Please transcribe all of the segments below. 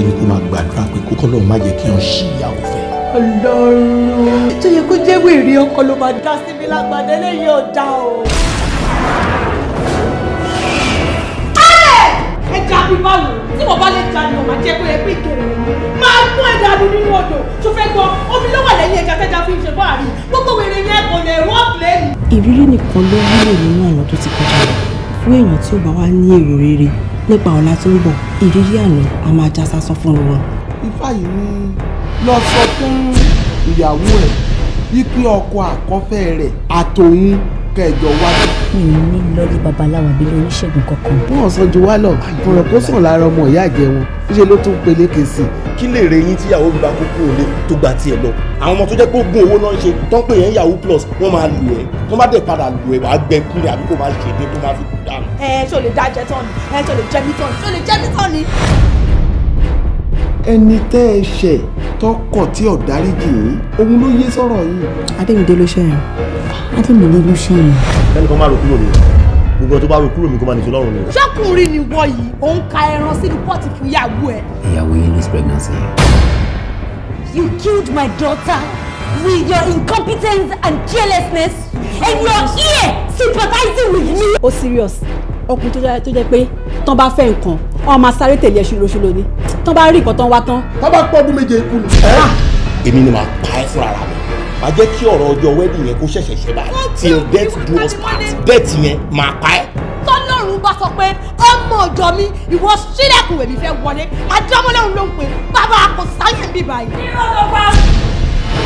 ṣe ni kó máa gbàdúrà pé kókó lọ́ọ́ má jẹ́ kí wọ́n ṣí ìyàwó fẹ́. ọlọ́run tó yẹ kó jẹ́ wèrè ọkọ ló máa dá sí mi lágbàdé lẹ́yìn ọ̀dà o. ẹ dàbí báwo tí mo bá lè jà ni mo máa jẹ́ pé ẹ pé ìkẹrẹ máa gún ẹ dàbí nínú odò tó fẹ́ gbọ́ omi ló wà lẹ́yìn ẹja tẹ́jà fi ń ṣe fáàrí gbogbo wèrè yẹn kò lè wọ́ọ̀kì lẹ́nu. ìrírí nìkan ló wúlò nínú ọ̀nà tó ti kọjá fún èèyàn tí ó bá wá ní èrò rere nípa ọ̀la tó ń bọ̀ ìrírí àná a máa já sásán fún wọn. ifá yìí ni lọ sọ fún ìyàwó ẹ̀ wípé ọkọ àkọ́fẹ́ rẹ̀ àtòun kẹjọ wá. mi ò ní lọ rí babaláwo àbí lórí ìṣègùn kankan. wọn sọ ju wá lọ àìkúrọ kó sàn lára ọmọ ìyá àjẹ wọn níṣẹ ló tún peléke sí. kí lè rè yín tíyàwó mi bá kúkú òde tó gba tiẹ̀ lọ àwọn ọmọ tó jẹ́ pé ogún owó náà ń ṣe tó ń yẹn yahoo plus wọ́n máa lù ẹ́ wọ́n má dẹ̀ padà lù ẹ́ wàá gbẹ kúlẹ̀ àbí kò máa ṣèdè tó máa fi dànù. ẹ ṣó lè dá jẹ tán ni ẹ ṣó lè jẹ mí tán ni ṣó lè jẹ mí tán ni ẹni tẹ́ ẹ ṣẹ̀ tọkọ̀ tí ò dáríjì yìí òun ló yé sọ̀rọ̀ yìí. adémídé ló ṣẹ̀yìn adémídé ló ṣẹ̀yìn. ẹnì kan máa rò kúrò mi gbogbo tó bá rò kúrò mi kó máa nìṣó lọ́rùn mi. ṣọkùnrin ni wọ yìí òun ka ẹran sínú pọ́ọ̀tì fún ìyàwó ẹ. ìyàwó yìí lose pregnancy. you killed my daughter with your incompetence and carelessness and your ear sympathizing with me. ó oh, serious ọkùnrin tó jẹ́ tó jẹ́ pé tán bá fẹ́ nǹkan ọ máa sáré tẹ̀lé ẹṣin lóṣooṣù ni tán bá rí nǹkan tán wá tán. tán bá pọ́dún méje ikú ni. èmi ni màá pa ẹ́ fúnra mi màá jẹ́ kí ọ̀rọ̀ ọjọ́ wedding yẹn kó ṣẹ̀ṣẹ̀ ṣe báyìí till death do us part death yẹn màá pa ẹ́. tọ́lọ́run bá sọ pé ọmọ ọ̀dọ́ mi ìwọ sílẹ̀kùn èmi fẹ́ wọlé àjọmọ́lọ́run ló ń pè bàbá kò sáyẹ̀ bíbá yìí. irọ́ ló bá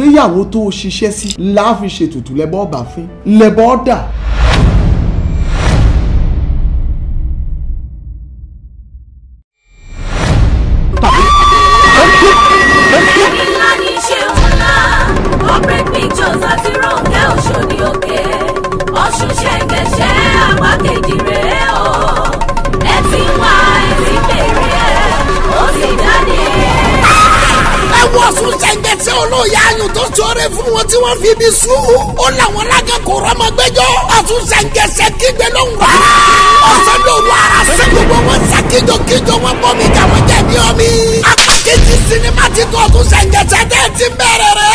àgbéyàwó tó o ṣiṣẹ́ sí láàfin ṣètùtù lẹ́bọ̀ ọ̀bàfin lẹ́bọ̀ ọ̀dà. wọ́n fi ibi sùn ó làwọn alágàkọ̀ rọ́mọgbẹ́jọ́ àtúnṣe ń gẹ̀ẹ́sẹ̀ kígbe ló ń rà ọ̀sẹ̀ ló wà á sẹ́ gbogbo wọn sá kíjokíjo wọn bọ́ mi jẹ̀bi omi. apá sinimá ti kọ́ ọ̀tún ń gẹ̀ẹ́sẹ̀ tẹ́ ti bẹ̀rẹ̀ rẹ̀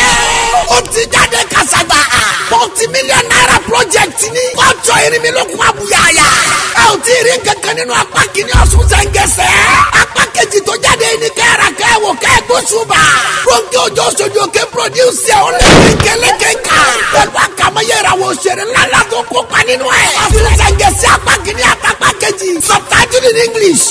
ó ti jáde kàṣàgbà multi-million naira project ni kọ́ńtò irinmilókun abuyaya ẹ ò tí ì rí kankan nínú apá kìíní ọ̀sùn ṣe ń gẹ̀ẹ́sẹ̀ méjì tó jáde ní kẹ́ra kẹ́wò kẹ́gbósùbà. ronke ojo sojo ke produce ọ̀ lẹ́yìn kẹlẹ́kẹ́ kà. pẹ̀lú àkàmọ́yẹ̀rẹ̀ àwọn òṣèré ńlá tó kópa nínú ẹ̀. àfihàn ṣàǹgẹ̀sí apá kìíní àtàpá kejì. subtitled in English.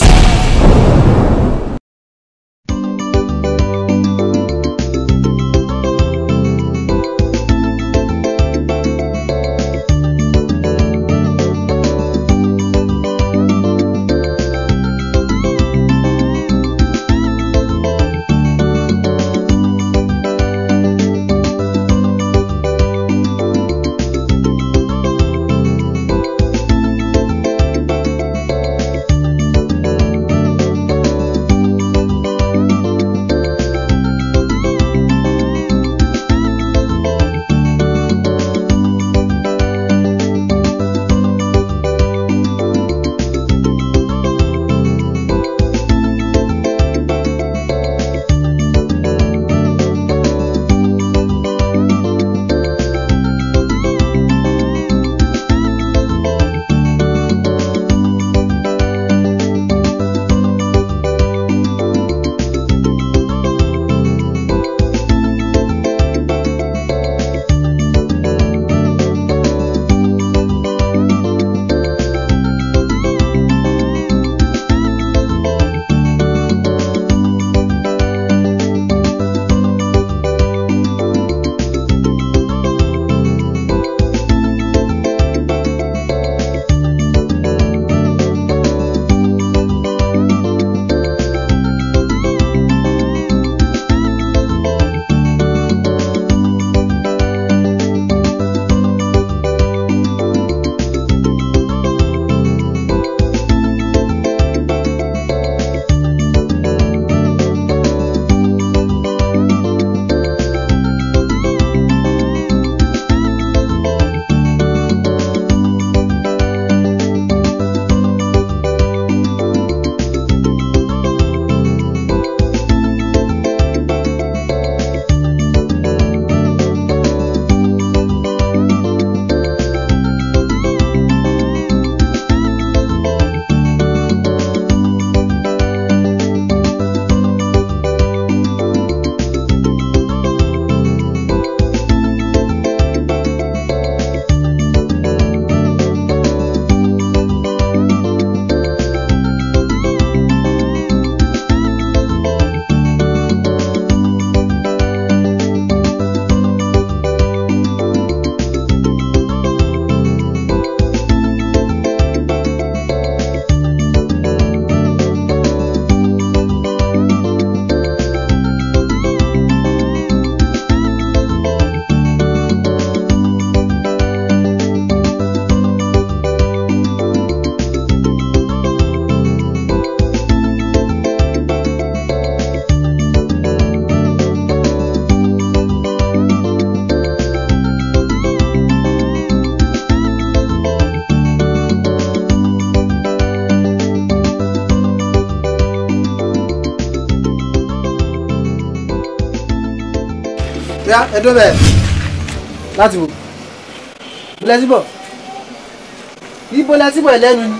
ọ̀gá ẹ̀dọ́ bẹ̀ láti wò bọ́lẹ́síbọ̀ yí bọ́lẹ́síbọ̀ ẹlẹ́nu ni.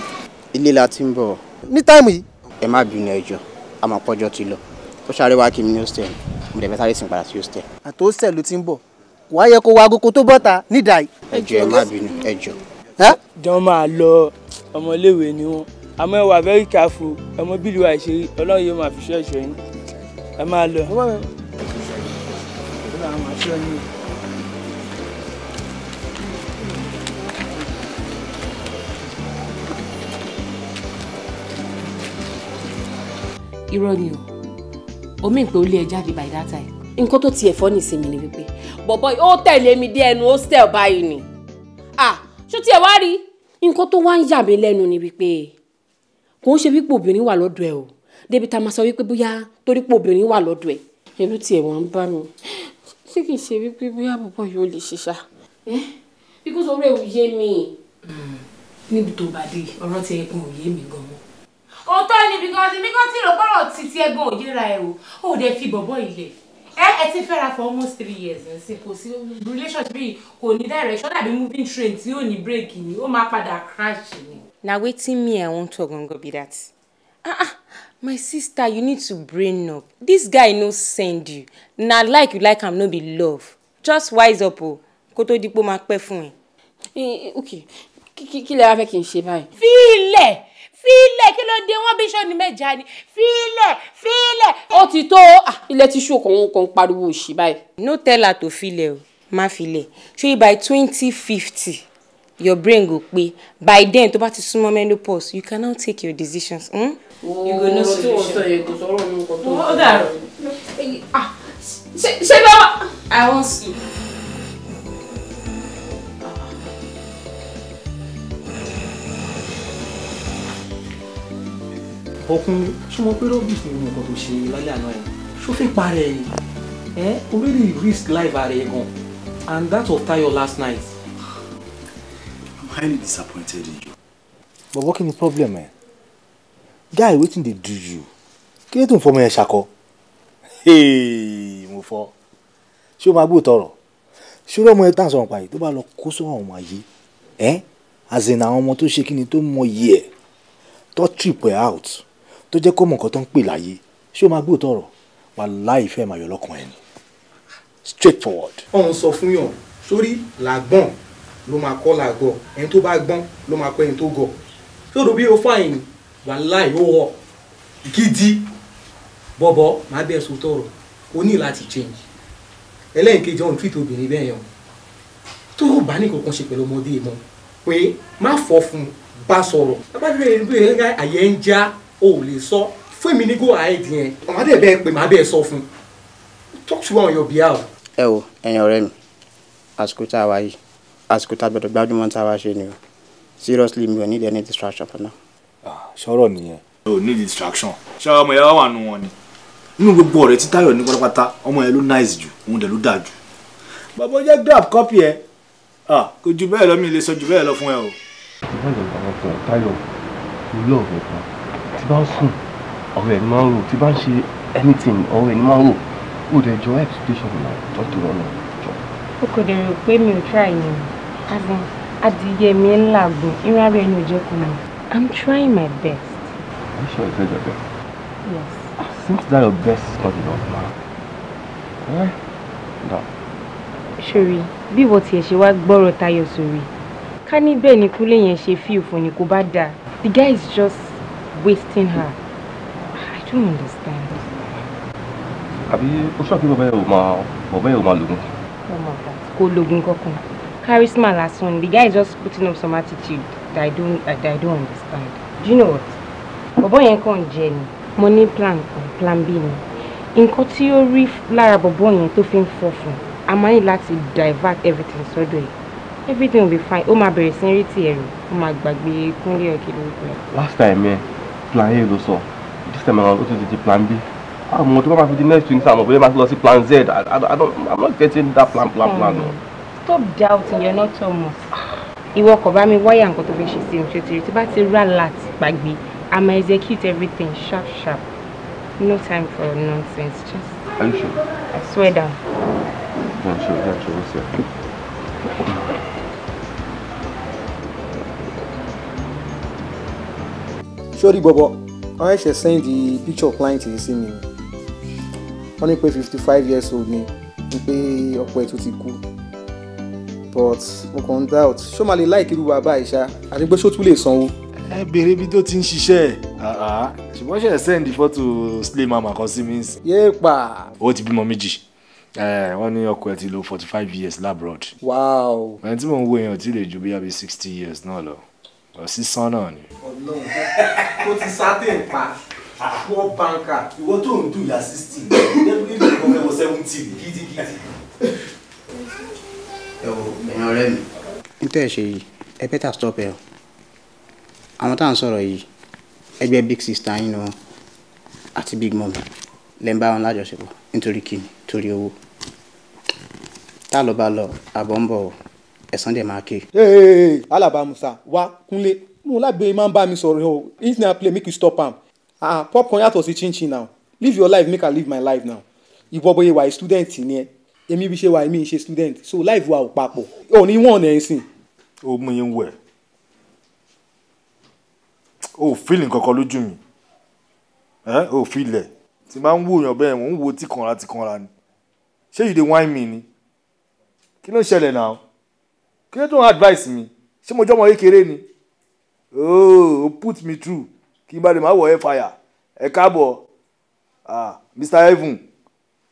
ilé la ti ń bọ̀. ní táìmù yìí. ẹ má bínú ẹ jọ̀ọ́ àmọ́ pọ́jọ́ ti lọ ó ṣàrẹ wá kí mi ní hostel mo dẹ̀ fẹ́ sáré sìn padà sí hostel. àtò hostel ló ti ń bọ̀ kò wá yẹ kó wa agogo tó bọ́ta nídàá yìí. ẹ má bínú ẹ jọ́n máa lọ ọmọléèwé ni wọ́n àmọ́ ẹ wà very careful ọmọ bílíwà ìṣeré ọlọ́run yóò máa fi ṣọ́ ìṣọ́ yín ẹ máa lọ jẹ ni. irọ́ o omi ìpè ó lé ẹ jáde by that time. nǹkan tó tiẹ̀ fọ́ nísìnyí ni wípé bọ̀bọ̀ ó tẹ̀lé mi dé ẹnu hostel báyìí ni ah ṣó tiẹ̀ wá rí nǹkan tó wá ń yà mí lẹ́nu ni wípé kò ń ṣe wípé obìnrin wà lọ́dọ̀ ẹ o débi tá a máa sọ wípé bóyá torí pé obìnrin wà lọ́dọ̀ ẹ inú tiẹ̀ wọ́n ń bá mi tí kì í ṣe wípé bóyá bọ̀bọ̀ yóò lè ṣiṣà. because ọ̀rẹ́ ò yé mi. níbi tó bá dé ọ̀rọ̀ tí ẹ̀gbọ́n ò yé mi gan mọ́. òótọ́ ni because mi kàn ti rò pọ̀rọ̀ ti ti ẹ̀gbọ́n ò yéra ẹ̀ o ò dẹ̀ fi bọ̀bọ̀ ilẹ̀ ẹ ẹ ti fẹ́ra for almost three years nsìn kò sí relationship yìí kò ní direction àbí moving train tí yóò ní break ni ó máa padà crash ni. na wetin me i wan talk gan go be that. Ah, ah my sister you need to brain up this guy no send you na like you like am no be love just wise up o kó tó dípò máa pẹ́ fún ẹ. okay kí lè wá fẹ́ kí n ṣe báyìí. fi ilẹ̀ fi ilẹ̀ kí ló dé wọ́n bí sọ́ni mẹ́ja ni fi ilẹ̀ fi ilẹ̀. ó ti tó ilẹ̀ tí ṣùkọ̀ kan pariwo òṣì báyìí. no tell her to filẹ̀ o má filẹ̀ ṣé by twenty fifty your brain go pé by then to bá ti súnmọ́ menopause you cannot take your decisions. Hmm? Oh, you go know solution. ó dàrú ṣé bá i wan sleep. ọkùnrin ṣé mo pé rọ́bìs nínú nǹkan tó ṣe lálẹ́ àná ẹ̀ ṣó fẹ́ parẹ́ ẹ̀ ẹ́ eh, o really risk life ara gan and that of Tayo last night highly disappointed in you. But what is the problem, man? Guy, waiting to do you? Can you tó ń fọmọ yẹn ṣakọ? Mo fọ. Ṣé o máa gbóòtọ̀ ọ̀rọ̀? Ṣé ọmọ yẹn tàn sọ̀rọ̀ pààyè tó bá lọ kó sọ̀rọ̀ ọmọ ayé? Ẹ́ àzìn àwọn ọmọ tó ṣe kí ni to mọ iye trip way out To jẹ́ kó mọ̀ nǹkan tó ń pè láyé. Ṣé o máa gbóòtọ̀ ọ̀rọ̀? Wàláhì ìfẹ́ màyọ̀ lọ́kàn ẹ̀ ni. Straightforward. Ọ̀hún sọ Sorry, yàn sórí ló máa kọ́ làgọ̀ ẹni tó bá gbọ́n ló máa kọ́ ẹni tó gọ̀ tó dòbí o fáyìn wàláì ó wọ̀ gidi bọ̀bọ̀ máa bẹ̀ sọ tọ̀rọ̀ o ní láti change ẹlẹ́yìnkejì ọ̀hún fìtò obìnrin bẹ́ẹ̀ yàn tó bá ní kankan ṣe pẹ̀lú ọmọdé mọ́ pé má fọ́ fún bá sọ̀rọ̀ abájọ́ ẹni bí ẹ̀ka àyẹ̀ ń já o ò lè sọ fún èmi ní go ahead yẹn ọmọdé bẹ́ẹ̀ pé má bẹ́ẹ̀ sọ fún talk to one on your behalf. ẹ wo ẹ̀yin ọ̀rẹ́ mi àsìkò tá a wá yìí àsìkò tá a gbọ́dọ̀ gbájúmọ́ tá a wá ṣe ni o seriously mi ò need any distraction for now. sọ̀rọ̀ nìyẹn. o need distraction. ṣé ọmọ ìyá wà nù wọn ni. nínú gbogbo ọ̀rẹ́ tí Táyọ̀ ní pátápátá ọmọ yẹn ló nice jù òun dẹ̀ ló dáa jù. bàbá jẹ́ grab copy ẹ̀ kò jù bẹ́ẹ̀ lọ mi lè sọ jù bẹ́ẹ̀ lọ fún ẹ o. ìbáraẹ̀ bàbá sọ Táyọ̀ ló ọ̀rẹ́ kan tí bá ń sùn ọ̀rẹ́ ni máa anything ọ̀rẹ́ ni máa ń rò ó dẹ̀ jọ expectation náà jọ́ tó rọ̀ náà jọ. o kò dẹ̀ rò pé mi ò try ni o. Adam, adìyẹ mi ń làgùn, irun ara ẹni ò jẹ́ kó mọ̀. I'm trying my best. Are you sure you tried your best? Yes. Ah, since that your best is not enough, ma. Eh? No. Ṣòrí, bí ìwọ tiẹ̀ ṣe wá gbọ́rọ̀ Táyọ̀ sórí. Ká ní bẹ́ẹ̀ ni Kúnlé yẹn ṣe fíìl fún ni kò bá dáa. The guy is just wasting her. I don't understand. Àbí ó ṣọ́ọ̀kì bàbá yẹn ò máa bàbá yẹn ò máa lògùn. Ọmọ oh ọ̀gá kò lògùn kankan charisma last one. the guy is just putting up some attitude that I don't uh, that I don't understand do you know what bọ̀bọ̀ yẹn kàn jẹ ni plan kan plan b In nǹkan tí ó rí lára bọ̀bọ̀ yẹn tó fi ń fọ divert everything So do it. everything will be fine ó máa bẹ̀rẹ̀ sí rí tiẹ̀ rò ó máa gbàgbé last time yẹn plan a ló this time around ó to ti di plan b I'm ọmọ tó bá to fi di next week sáà I'm bóyá to fi lọ plan z i don't i'm not getting that plan plan plan. Mm. No stop doubting you're not Thomas. Ìwọ kò bá mi wáyà nǹkan tó fẹ́ ṣe sí oṣù tìrì tí bá ti rà láti gbàgbé I ma execute everything sharp sharp. No time for nonsense. Just. Are you sure? I swear down. I'm sure. I'm sure. What's we'll that? sórí bọ̀bọ̀ wọ́n ṣẹ̀ṣẹ̀ send the picture client yìí sí mi Only pay pé fifty five years old Me, you pay up ẹ̀ tó ti kú but mo kàn ń doubt ṣó máa lè láì kiri báyìí ṣá àti pé ṣó tún lè sanwó. ẹ béèrè ibi tó ti ń ṣiṣẹ́ ṣùgbọ́n ṣe send fọ́tò slay mama kan sí mi. yéè pa. ó ti bímọ méjì wọ́n ní ọkọ ẹ̀ ti lò forty five years labroad. wow. ẹni tí mò ń wo èèyàn ti lè ju bí abi sixty years náà lọ sísan náà ni. ọlọ́run ó ti sátẹ̀ pa poor banker. ìwọ tó ń dùn ya sixty definitely kọ́ mẹ́wọ́ seventy gidigidi ẹ wò ẹ̀yin ọ̀rẹ́ mi. ẹ bẹ́tà stop ẹ o àwọn tá à ń sọ̀rọ̀ yìí ẹgbẹ́ big sister yín ni wọn àti big mom lẹ́ ń bá wọn lájọṣepọ̀ nítorí kíni torí owó tá ló bá lọ àbọ̀ ń bọ̀ ẹ̀sán dẹ̀ máa ké. alaba musa wa kúnlé mo lágbe máa ń bá mi sọ̀rọ̀ o if na play make you stop am ah popcorn yàtọ̀ sí chin now live your life make i live my life now ìwọ bóyá wà student ni ẹ èmi bí ṣe wà èmi ṣe student so life wa ò papọ̀ ò ní wọ́n ọ̀nà ẹ̀sìn. ó mú yín wẹ̀ ó fílì kankan lójú mi ó fílẹ̀ tí máa ń wò yàn bẹ́ẹ̀ wọ́n ń wo tìkanra tìkanra ni ṣé you dey whine me ni kí ló ń ṣẹlẹ̀ náà kí ló tó ń advice mi ṣé mo jọmọ kékeré ni oh put me through kí n bá lè má wọ ẹ fàyà ẹ káàbọ̀ ah Mr. Heaven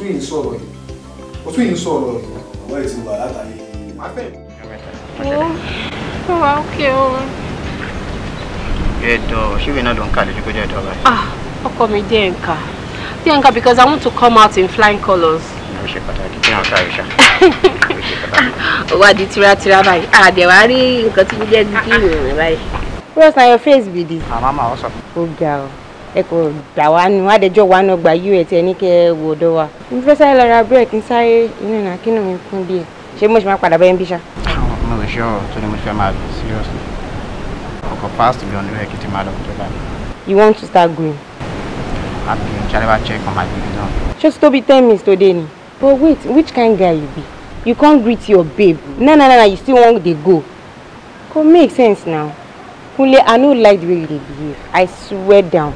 ọ̀tún yìí ń sọ̀rọ̀ yìí ọ̀tún yìí ń sọ̀rọ̀ yìí. ọwọ́ ẹ̀ ti wà látàrí. má ó wà ókè o. ẹ̀dọ̀ ṣíbi náà ló ń kà lójú kó jẹ́ ẹ̀dọ̀ rẹ̀. ah ọkọ mi díẹ̀ ń kà díẹ̀ because I want to come out in flying colours. ó ṣe pàtàkì kí àwọn sáré ṣá. ó wá di tiratira báyìí àdẹ̀wá rí nǹkan tí ó jẹ́ dídí ìròyìn báyìí. Rose na your face be this. Ah, màmá ma wọ́n sọ. Ó ga o ẹ kò dà wá nu àdéjọ́ wa náà gba us ẹ ní kẹ́ ẹ wò ọ̀dọ̀ wa mo fẹ́ sáré lọ ra búrẹ́kì sáré inú ìnà kí nù mí kún díẹ̀ ṣé mo ṣe máa padà bẹ́ẹ̀ ń bí ṣá. mo rò ṣọ́ tó ni mo fẹ́ máa lò seriously ọkọ̀ fast bí ọ̀nà ẹ̀kìtì máa lọ tó báyìí. you want to start growing. àbí ìjàlẹ̀wá check on my baby now. ṣé o ti tóbi ten minutes today ni. but wait which kind guy you be you come greet your babe na na na you still wan dey go go make sense now Kunle I no like the way you dey behave I swear down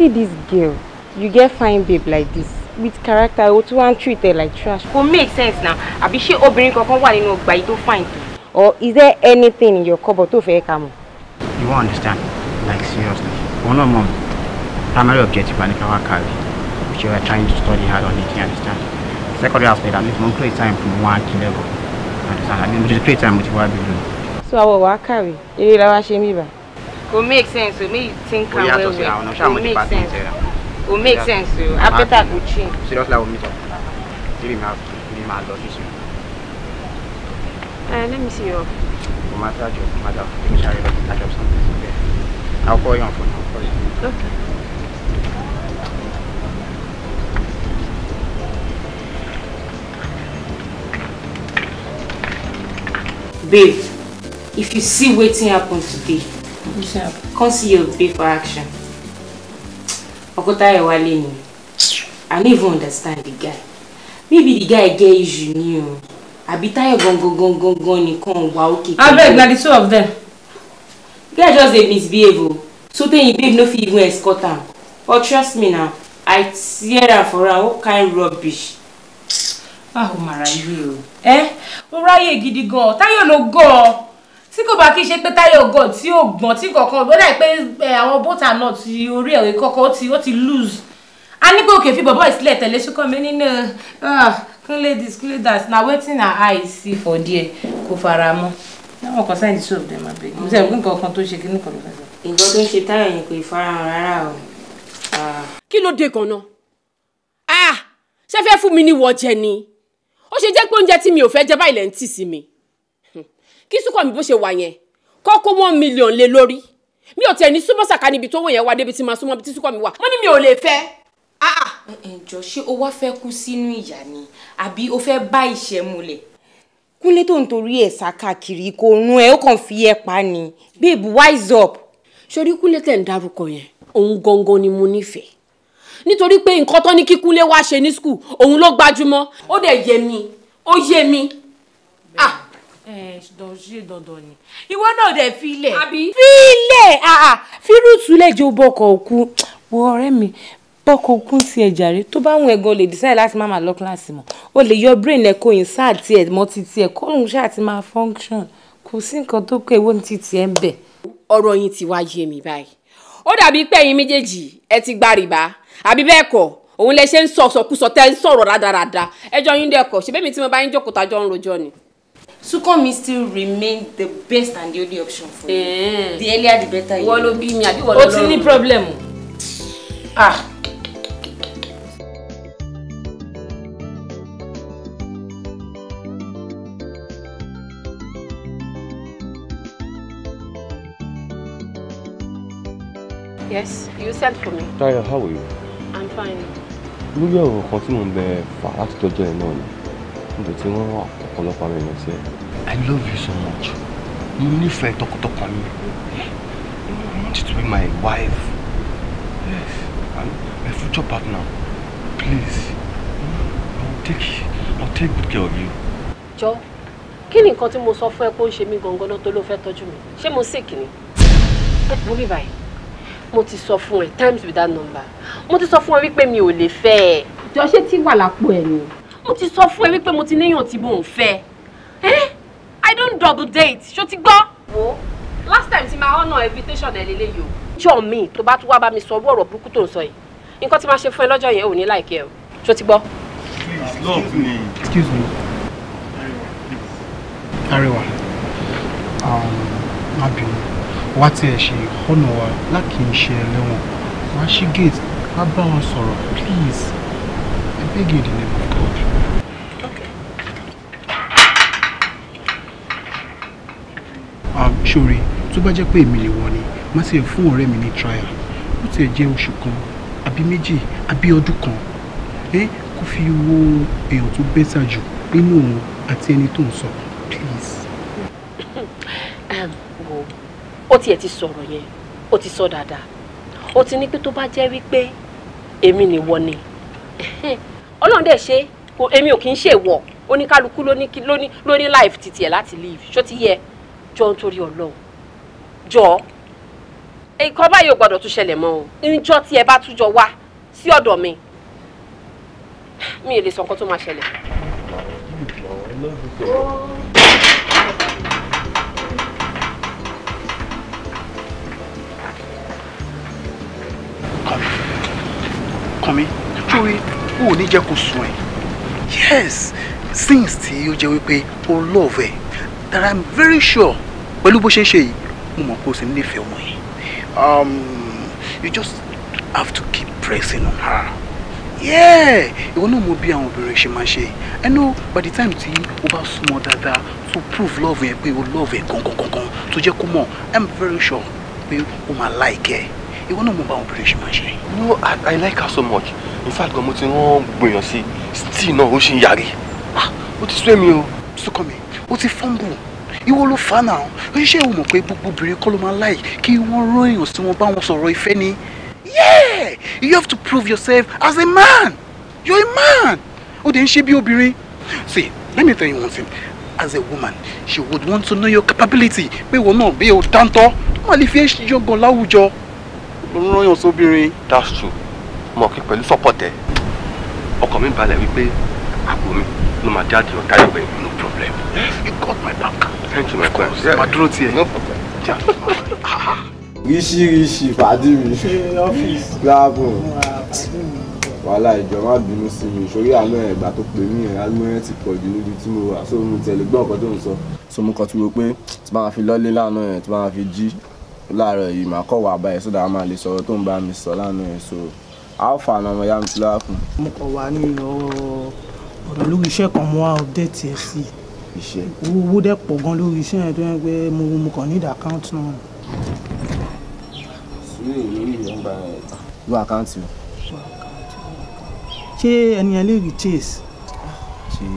see this girl you get fine babe like this with character o tún want ń treat her like trash kò make sense now. na àbí ṣé obìnrin kankan wà in ọgbà yìí tó fine tó or is there anything in your cupboard to fẹ́ ká you won't understand like seriously òun náà mọ̀ primary objective and ikawa carry which you are trying to study hard on it you understand secondary aspect at least mo n create time from one to level understand i mean mo ti create time mo ti wá bí lónìí. so àwọn wàá carry. You will wá ṣe mí bá kò make sense o me think am well well o make sense o make sense I better go change. seriously i will meet up give me half give me my love this week. let me see you. No matter job, madam, give me share your job something. Okay. I'll call you on phone. I'll call you. Okay. Babe, if you see wetin happen today, Conceal before action. Okotaye Wale I don't even understand the guy. Maybe the guy get tired ni o. Abi Tayo gangan gangan gangan nìkan wà okay. Abeg na the two of them. Guy just a misbehave So then you babe no fit even escort am. But trust me now, I tear her for am what kind rubbish. Ah, o mara you Eh, o ráyè gidi gan-an, Táyọ̀ ló gọ́ ọ tí kò bá kí ṣe pé Táyọ̀ God tí ò gbọ́n tí kankan ó dàbí pé àwọn bóta náà ti orí ẹ̀wé kọ́kọ́ ó ti lose a ní pé òkè fi bọ̀bọ̀ ìsílẹ̀ tẹ̀lé Súnkànmí nínú ah, kúnlé this kúnlé that na wetin her eye see for there kò fara mọ́ náwọn kan sáyẹn dísòwò dẹ̀ máa bẹ̀rẹ̀ mo sẹ́yìn pé nǹkan kan tó ṣe kíní kan ló fẹ́ sọ. nǹkan tó ń ṣe Táyọ̀ yẹn kò ìfarahàn rárá o. Ah. kí ló dé gan-an ah, ṣé fẹ́ fún mi ní wọ́ọ̀jẹ ni ó ṣe jẹ́ pé oúnjẹ tí mi ò fẹ́ jẹ báyìí lẹ́ ń tì sí mi kí sùkọ́ mi bó ṣe wà yẹn kọ́ kó one million lé lórí mi ò tiẹ̀ ní súnmọ́ sàkà níbi tó wọ̀ yẹn wá débi tí màá súnmọ́ bí tí sùkọ́ mi wà mo ní mi ò lè fẹ́. Ah, ah. ẹ̀jọ ṣé o wá fẹ́ kú sínú ìyà ni àbí o fẹ́ bá ìṣẹ́ mulẹ̀. kúnlé tó ń torí ẹ̀ sá káàkiri kò run ẹ̀ ó kàn fi ẹ̀ pa ni babe wise up. sori kúnlé tẹ̀ ń darúkọ yẹn òun gangan ni mo nífẹ̀ẹ́ nítorí pé nǹkan tó ní kí kúnlé wá ṣe ní skul òun ló gbajúmọ̀ ó dẹ̀ yé mi ó yé mi. ah ṣe eh, dandan ni ìwọ náà dẹ̀ fi ilẹ̀. fi ilẹ̀ fírùtù lè jẹ́ bọ́kọ̀ òkú wo ọ̀rẹ́ mi bọ́kọ̀ òkú ti ẹ̀jà rí tó bá wọn ẹ̀gan lè decide láti má máa lọ kíláàsì mọ́ o lè yọ brain ẹ̀ kó yín sáà tiẹ̀ mọ́ títí ẹ̀ kó òun ṣáà ti máa function kò sí nǹkan tó kọ ìwọ ní títí ẹ̀ ń bẹ̀. ọ̀rọ̀ yín ti wá yé mi báyìí ó dàbí pé ẹ̀yin méjèèjì ẹ ti gba rìbá àbí bẹ́ẹ̀ kọ́ òun lè ṣe ń sọ̀sọ̀kúsọ tẹ́ ń sọ̀rọ̀ rádaràda ẹjọ́ yín dẹ́kọ̀ ṣe bẹ́ẹ̀ tí mo bá yín jókòó tájọ́ ń rojọ́ ni. Sukanmi still remain the best and the only option for you. Eh. The earlier the better. Wọ́n ló bí mi àbí wọ́n ló O ti ní problem. Ah. Yes, you sent for me. Taya, how are you? I'm fine. Lórí ọ̀rọ̀ kan tí mò ń bẹ fà láti tọ́jú ẹ̀ náà ni, mo bẹ̀ tí wọ́n wà ọ̀pọ̀lọpọ̀ àwọn èèyàn sí ẹ. I love you so much mo nífẹ̀ẹ́ tọkàntọkàn mi I want you to be my wife yes and my future partner please I'll take I'll take good care of you. jọ kí ni nǹkan tí mo sọ fún ẹ pé ó ń ṣe mí gangan tó ló fẹ́ tọ́jú mi ṣé mo sick ni mo rí báyìí mo ti sọ fún ẹ times without number mo ti sọ fún ẹ wípé mi ò lè fẹ́ ẹ. jọ ṣé tí wà lápò ẹ ni mo ti sọ fún ẹ wípé mo ti níyàn tí mò ń fẹ́ i don't double date ṣó ti gbọ́. wo last time ti máa honour invitation ẹ lélẹ́yìí o. jọ mi tó bá tún wá bá mi sọ ọwọ́ ọ̀rọ̀ burúkú tó ń sọ yìí nǹkan tí máa ṣe fún ẹ lọ́jọ́ yẹn ò ní láìkẹ́ o ṣó ti gbọ́. please love me. excuse me. Arewa um, má bínú wá tí ẹ ṣe honour wa lákì í ṣe ẹlẹ́wọ̀n wá sí gate wá bá wọn sọ̀rọ̀ please I beg you in the name of God. Ah, ṣòre tó bá jẹ́ pé èmi lè wọ̀ ni má sì fún ọ̀rẹ́ mi ní trial ó tiẹ̀ jẹ́ oṣù kan àbí méjì àbí ọdún kan ẹ kó fi wo èèyàn tó bẹ́tà jù nínú òun àti ẹni tó ń sọ please. ó tiẹ̀ ti sọ̀rọ̀ yẹn ó ti sọ dáadáa ó ti ní pé tó bá jẹ́ wípé èmi nìwọ ni ọlọ́run dẹ̀ ṣe èmi ò kì í ṣèwọ̀ oníkálukú ló ní life títí ẹ̀ láti live ṣó ti yẹ jọ nítorí Ọlọ́run jọ nǹkan báyìí ò gbọ́dọ̀ tún ṣẹlẹ̀ mọ́ o níjọ́ tí ẹ bá tún jọ wá sí ọ̀dọ̀ mi mi ò lè sọ nǹkan tó máa ṣẹlẹ̀. kànmí torí o ò ní jẹ́ kó sùn ẹ̀ yes since tí ó jẹ́ wípé o love that i'm very sure pẹ̀lú bó ṣe ń ṣe yìí mo mọ̀ pé o sì ń nífẹ̀ẹ́ ọmọ yìí um, you just have to keep pressing on her ìwọ náà mo bí àwọn obìnrin ṣe máa ṣe i know by the time tí o bá súnmọ́ dáadáa to prove love yẹn pé o love yẹn gangan gangan tó jẹ́ kó mọ̀ i'm very sure pé o máa like ẹ ìwọ náà mo bá àwọn obìnrin ṣe máa ṣe. no i i like her so much in fact gan mo ti rán gbìyànjú sí still náà ó ṣe ń yàrí ah ó ti sún èmi o. sọkọ mi ó ti fọ́nbù ìwọ ló fà náà ṣé o mọ̀ pé gbogbo obìnrin kọ́ ló máa láì kí wọ́n ròyìn sí wọn bá wọn sọ̀rọ̀ ìfẹ́ ni yeah you have to prove yourself as a man you're a man o dẹ̀ ń ṣe bí obìnrin see let me tell you one thing as a woman she would want to know your capability pé ìwọ náà bí o dáńtọ́ wọn lè fi ẹ́ yọgàn láwùjọ ló ń ròyìn sóbìnrin. that's true mo kí pẹ̀lú support ẹ̀ ọkàn mi balẹ̀ wípé àgbo mi ló máa jáde ọ̀tá ìgbẹ̀yìn no problem you got my back thank you my friend ma dúró tiẹ̀. ríṣiríṣi pàdé mi láàbùn wàhálà ìjọ má bínú sí mi sórí àánú ẹ̀gbà tó pè mí ẹ̀ agbóyán ti pọ̀ jù níbi tí mo wà sóò mo tẹ̀lé gbọ́ ọ̀kan tó ń sọ. so mo kàn ti wo pé tí bá ma fi lọ́lé lánàá yẹn tí bá ma fi jí láàárọ̀ yìí màá kọ̀ wá báyìí sódà máa lè sọ̀rọ̀ tó ń bá mi sọ lánàá yẹn so alpha náà mo yá mi ti láàkùn. mo kàn wá ní ọ̀rọ̀ lórí iṣẹ́ kan mo wá update ẹ̀ iṣẹ́. owó dẹ̀ pọ̀ gan lórí iṣẹ́ yẹn tó yẹ pé mo mo kàn ní ìdá àkáǹtì náà. sílẹ̀ lórí ìyẹn ń gba ẹ̀. lo àkáǹtì o. ṣé ẹni yẹn lè rí chase. chase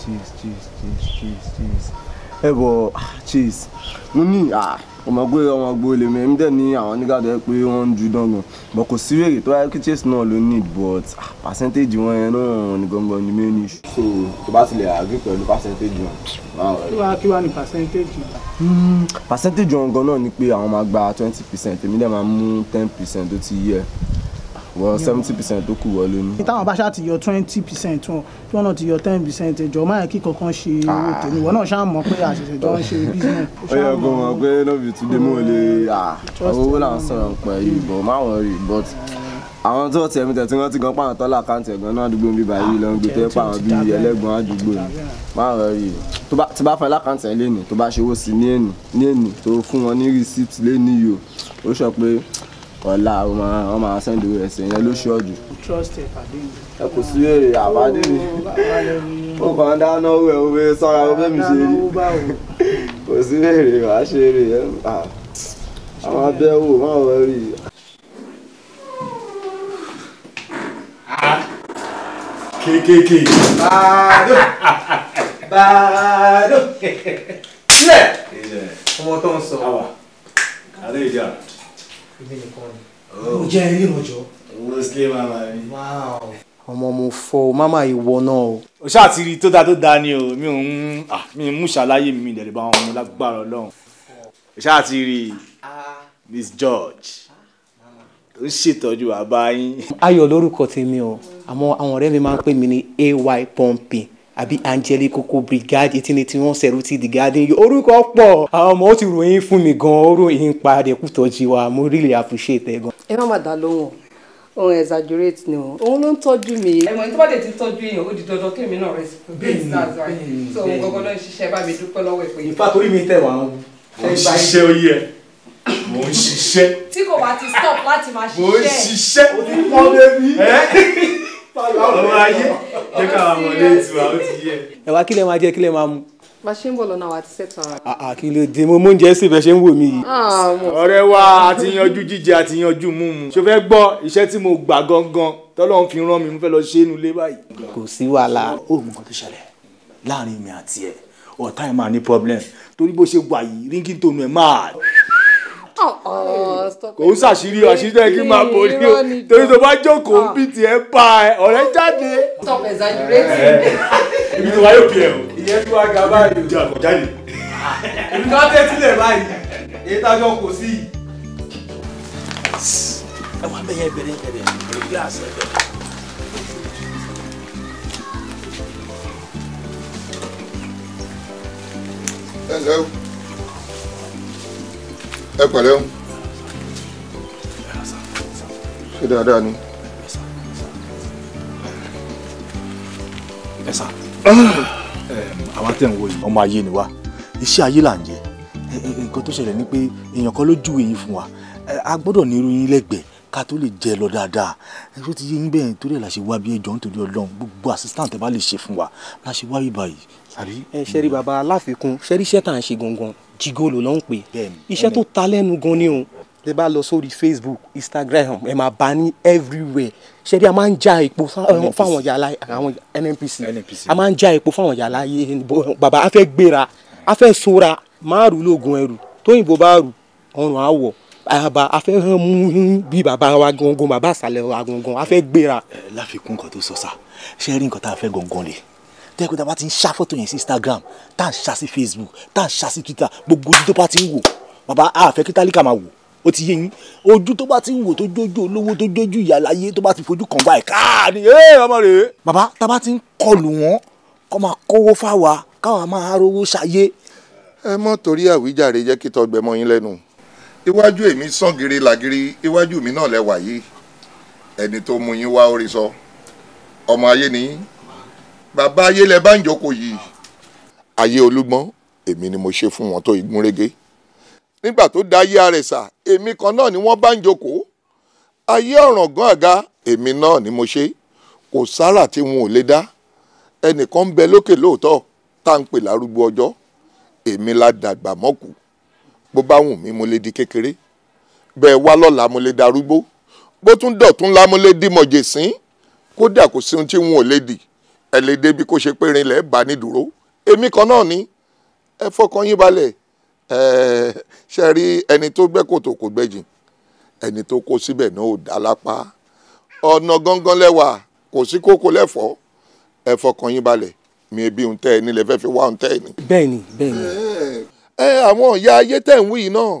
chase chase chase chase ẹ bọ chase mo ní. Ah, ọmọ gbé lè mẹ ẹmí ní àwọn onígàdọ yẹ pé wọn ń ju dán bọ kò sí wèrè tó wáyé kí chase náà ló ní but ah, percentage wọn yẹn náà ní gangan ni main issue. so tó bá tilẹ̀ agree pẹ̀lú percentage wọn. kí wàá kí wàá ní percentage wọn. Hmm, percentage wọn gan náà ni pé àwọn máa gba twenty percent èmi dẹ̀ máa mú ten percent tó ti yẹ wọ́n seventy percent tó kù wọlé ni. táwọn bá ti yọ twenty percent wọn tí wọ́n náà ti yọ ten percent ẹ̀jọ̀ máa kí kankan ṣe owó ah. tèmi wọ́n náà ṣáà mọ̀ pé àṣẹ̀ṣẹ̀ jọ ń ṣe business. ó yẹ kó mọ̀ pé lọ́ọ̀bì túndé mọ́ lè ah, àwọn owó là ń sọ̀rọ̀ pẹ̀ yìí bọ̀ máwọn rí but àwọn tó tẹ̀mí tẹ̀ tí wọ́n ti gan pa àwọn tọ́lá àkáǹtì ẹ̀gbọ́n náà àdúgbò bíi báyìí lọ́n gbé tẹ́ pa àwọn bíi ẹlẹ́gbọ̀n àdúgbò ni márùn rí tí bá fẹ́ lákàǹtì ẹ̀ lẹ́nu tó bá ṣe owó sí ní ènì ní ènì tó fún wọn ní rìsíìtì lẹ́nu yìí o ó sọ pé ọ̀la wọ́n máa send owó ẹsẹ̀ yẹn ló ṣọ́ jù. ẹ kò sí èrè àbádé mi ó kàn ń dáná owó ẹ̀ òwe sọ́ra owó mi ṣe rí kò sí èrè wàá ṣe èrè ẹ̀ àwọn abẹ́wò máa wọ rí. kéékèèké. bàdó bàdó sílẹ̀ ọmọ tó ń sọ. àwa àlejò àná èmi nìkan ni oh. mo jẹ́ ẹrí ìrànjọ́. owó sílé màmá mi. ọmọ mo fọ o màmá ìwọ náà o. o ṣáà ti rí tó dáa tó dáa ni o mi ò ń mi ò ń mú ṣàlàyé mi ìdẹ̀rẹ̀ bá wọn lágbára Ọlọ́run o ṣáà ti rí Miss George ń ṣètọ́jú bàbá yín. ayọ̀ lórúkọ tèmi o àmọ́ àwọn ọ̀rẹ́ mi máa ń pè mí ní ay pumping àbí Angelico Brigade etí ni tí wọ́n ṣẹ̀rú ti the garden yìí orúkọ pọ̀ àwọn ọmọ ó ti ròyìn fún mi gan oròyìn pa Adékútọ́jí wa mo really appreciate ẹ gan. ẹ má má dá lóhùn òun exaggerate ni o òun ló ń tọ́jú mi. ẹ̀mọ̀ tó bá dé ti tọ́jú èèyàn ó di dandan kí èmi náà rẹ̀ sí pé bẹ́ẹ̀ that's right so òun gangan náà ń bá mi dúpẹ́ lọ́wọ́ ìpè. ìfà torí mi tẹ̀ wá ń ṣiṣẹ́ ń ṣiṣẹ́. tí kò bá ti stop láti máa ṣiṣẹ́. mò ń ṣiṣẹ́. o ti pọ́n débi. ọmọ ayé jẹ́ ká àwọn ọmọdé tiwa ó ti yẹ. ẹ wá kí lè máa jẹ kí lè máa mu. bá a ṣe ń bọ̀ lọ́nà àwa ti ṣètò ara. àà kí ló dé mo móúnjẹ sí ibẹ̀ ṣe ń wò mí yìí. Ah, ọ̀rẹ́ wa àti yanjú jíjẹ àti yanjú mímu. ṣo fẹ́ gbọ́ iṣẹ́ tí mo gbà gangan tọ́lọ́run fi rán mi mo fẹ́ lọ ṣe é nulẹ̀ báyìí. kò sí wàhálà oògùn kan tó ṣẹlẹ̀ láàrin mi àti ẹ̀ ọ̀tá ẹ̀ máa ní problem torí bó ṣe wà yìí ríngìtònù ẹ̀ máa kò ń ṣàṣírí àṣírí tó kí n máa bò ní o torí tó bá jókòó ń bì tí ẹ pa ẹ ọ̀rẹ́ jáde. stop exaggerating. ibi tó wáyé òkè ẹ o ìyẹn tó wá ga báyìí ojú àkọjáde. èmi tó wá tẹ́tí lẹ̀ báyìí èyí tájọ kò sí yìí. ẹ wá bẹ̀yẹ bẹ̀rẹ̀ bẹ̀rẹ̀ bẹ̀rẹ̀ gíláàsì ẹ bẹ̀rẹ̀. Hello ẹ pẹ̀lẹ́ o ṣe dáadáa ni. ẹ sá àwa tẹ̀ ń wo yìí ọmọ ayé ni wá iṣẹ́ ayé là ń jẹ nǹkan tó ṣẹlẹ̀ ni pé èèyàn kan ló júwe yín fún wa a gbọ́dọ̀ ní irú yín lẹ́gbẹ̀ẹ́ ká tó lè jẹ lọ dáadáa ẹjọ́ ti yé yín bẹ́ẹ̀ torí ẹ̀ la ṣe wá bí ẹjọ́ nítorí ọlọ́run gbogbo assistant ẹ bá lè ṣe fún wa la ṣe wá yìí báyìí. ẹ ṣe baba aláfikún ṣe rí iṣẹ́ ń ṣe gangan jigolo ló ń pè iṣẹ́ tó ta lẹ́nu gan ni o tẹ bá lọ sórí facebook instagram ẹ máa bá ní everywhere ṣe bí a máa ń ja epo eh, fáwọn yàrá àwọn nnpc a máa ń ja epo fáwọn yàrá yé bàbá a fẹ́ gbéra a fẹ́ sora máa rù lóògùn ẹrù tóyìnbó bá rù ọrùn á wọ̀ àbá a fẹ́ hàn mú bí bàbá wa gangan bàbá àṣàlẹ̀ wa gangan a fẹ́ gbéra. láfikún kan tó sọ sá ṣe rí nǹkan tá a fẹ́ gangan lè tẹ́kùn tá a bá ti ń ṣá fọ́tò yẹn sí Instagram tá à ń ṣá sí Facebook tá à ń ṣá sí Twitter gbogbo ojú tó bá ti ń wò bàbá àfẹ́ kí tálíkà máa wò ó ti yé yín ojú tó bá ti ń wò tó jójú olówó tó jójú ìyàláyé tó bá ti fojú kàn báyìí káàdì ẹ ọmọ rèé. bàbá tá a bá ti ń kọlù wọn kọ́ máa kówó fáwa káwa máa rówó ṣayé. ẹ mọ torí àwíjàre jẹ́ kí tọgbẹ́ mọ́ yín lẹ́nu iwájú èmi sàn gírí làgírí iwájú mi náà lẹ́wà yìí ẹni tó mú yín wá orí sọ ọmọ ayé nìyí bàbá ayé lẹ bá ń jókòó yìí. ayé olúgbọ́n èmi ni mo ṣe fún wọn tó igúnrégé nígbà tó da ayé àrẹ̀sà èmi kan náà ni wọ́n bá ń jókòó ayé ọ̀ràngán àga èmi náà ni mo ṣe kò sára tí wọn ò lè dá ẹnìkan ń bẹ lókè lóòótọ́ tá à ń pè lárúgbó ọjọ́ èmi la dàgbà mọ́kù bó bá wùn mí mo lè di kékeré bẹ́ẹ̀ wá lọ́la mo lè darúgbó bó tún dọ̀tún la mo lè kódà kò sí ohun tí wọn ò lè dì ẹ lè débi kó ṣe pé rinlẹ̀ bá ní dúró èmi kan náà ni ẹ fọkàn yín balẹ̀ ẹ ṣe rí ẹni tó gbẹ́ kòtò kò gbẹ́ jìn ẹni tó kó síbẹ̀ náà ò dá lápá ọ̀nà gangan lẹ́wà kò sí kókó lẹ́fọ̀ọ́ ẹ fọkàn yín balẹ̀ mi ebi ń tẹ́ ẹ nílẹ̀ fẹ́ fi wá ń tẹ́ ẹ ní. bẹ́ẹ̀ni bẹ́ẹ̀ni. ẹ àwọn ìyá ayé tẹ̀ ń wí náà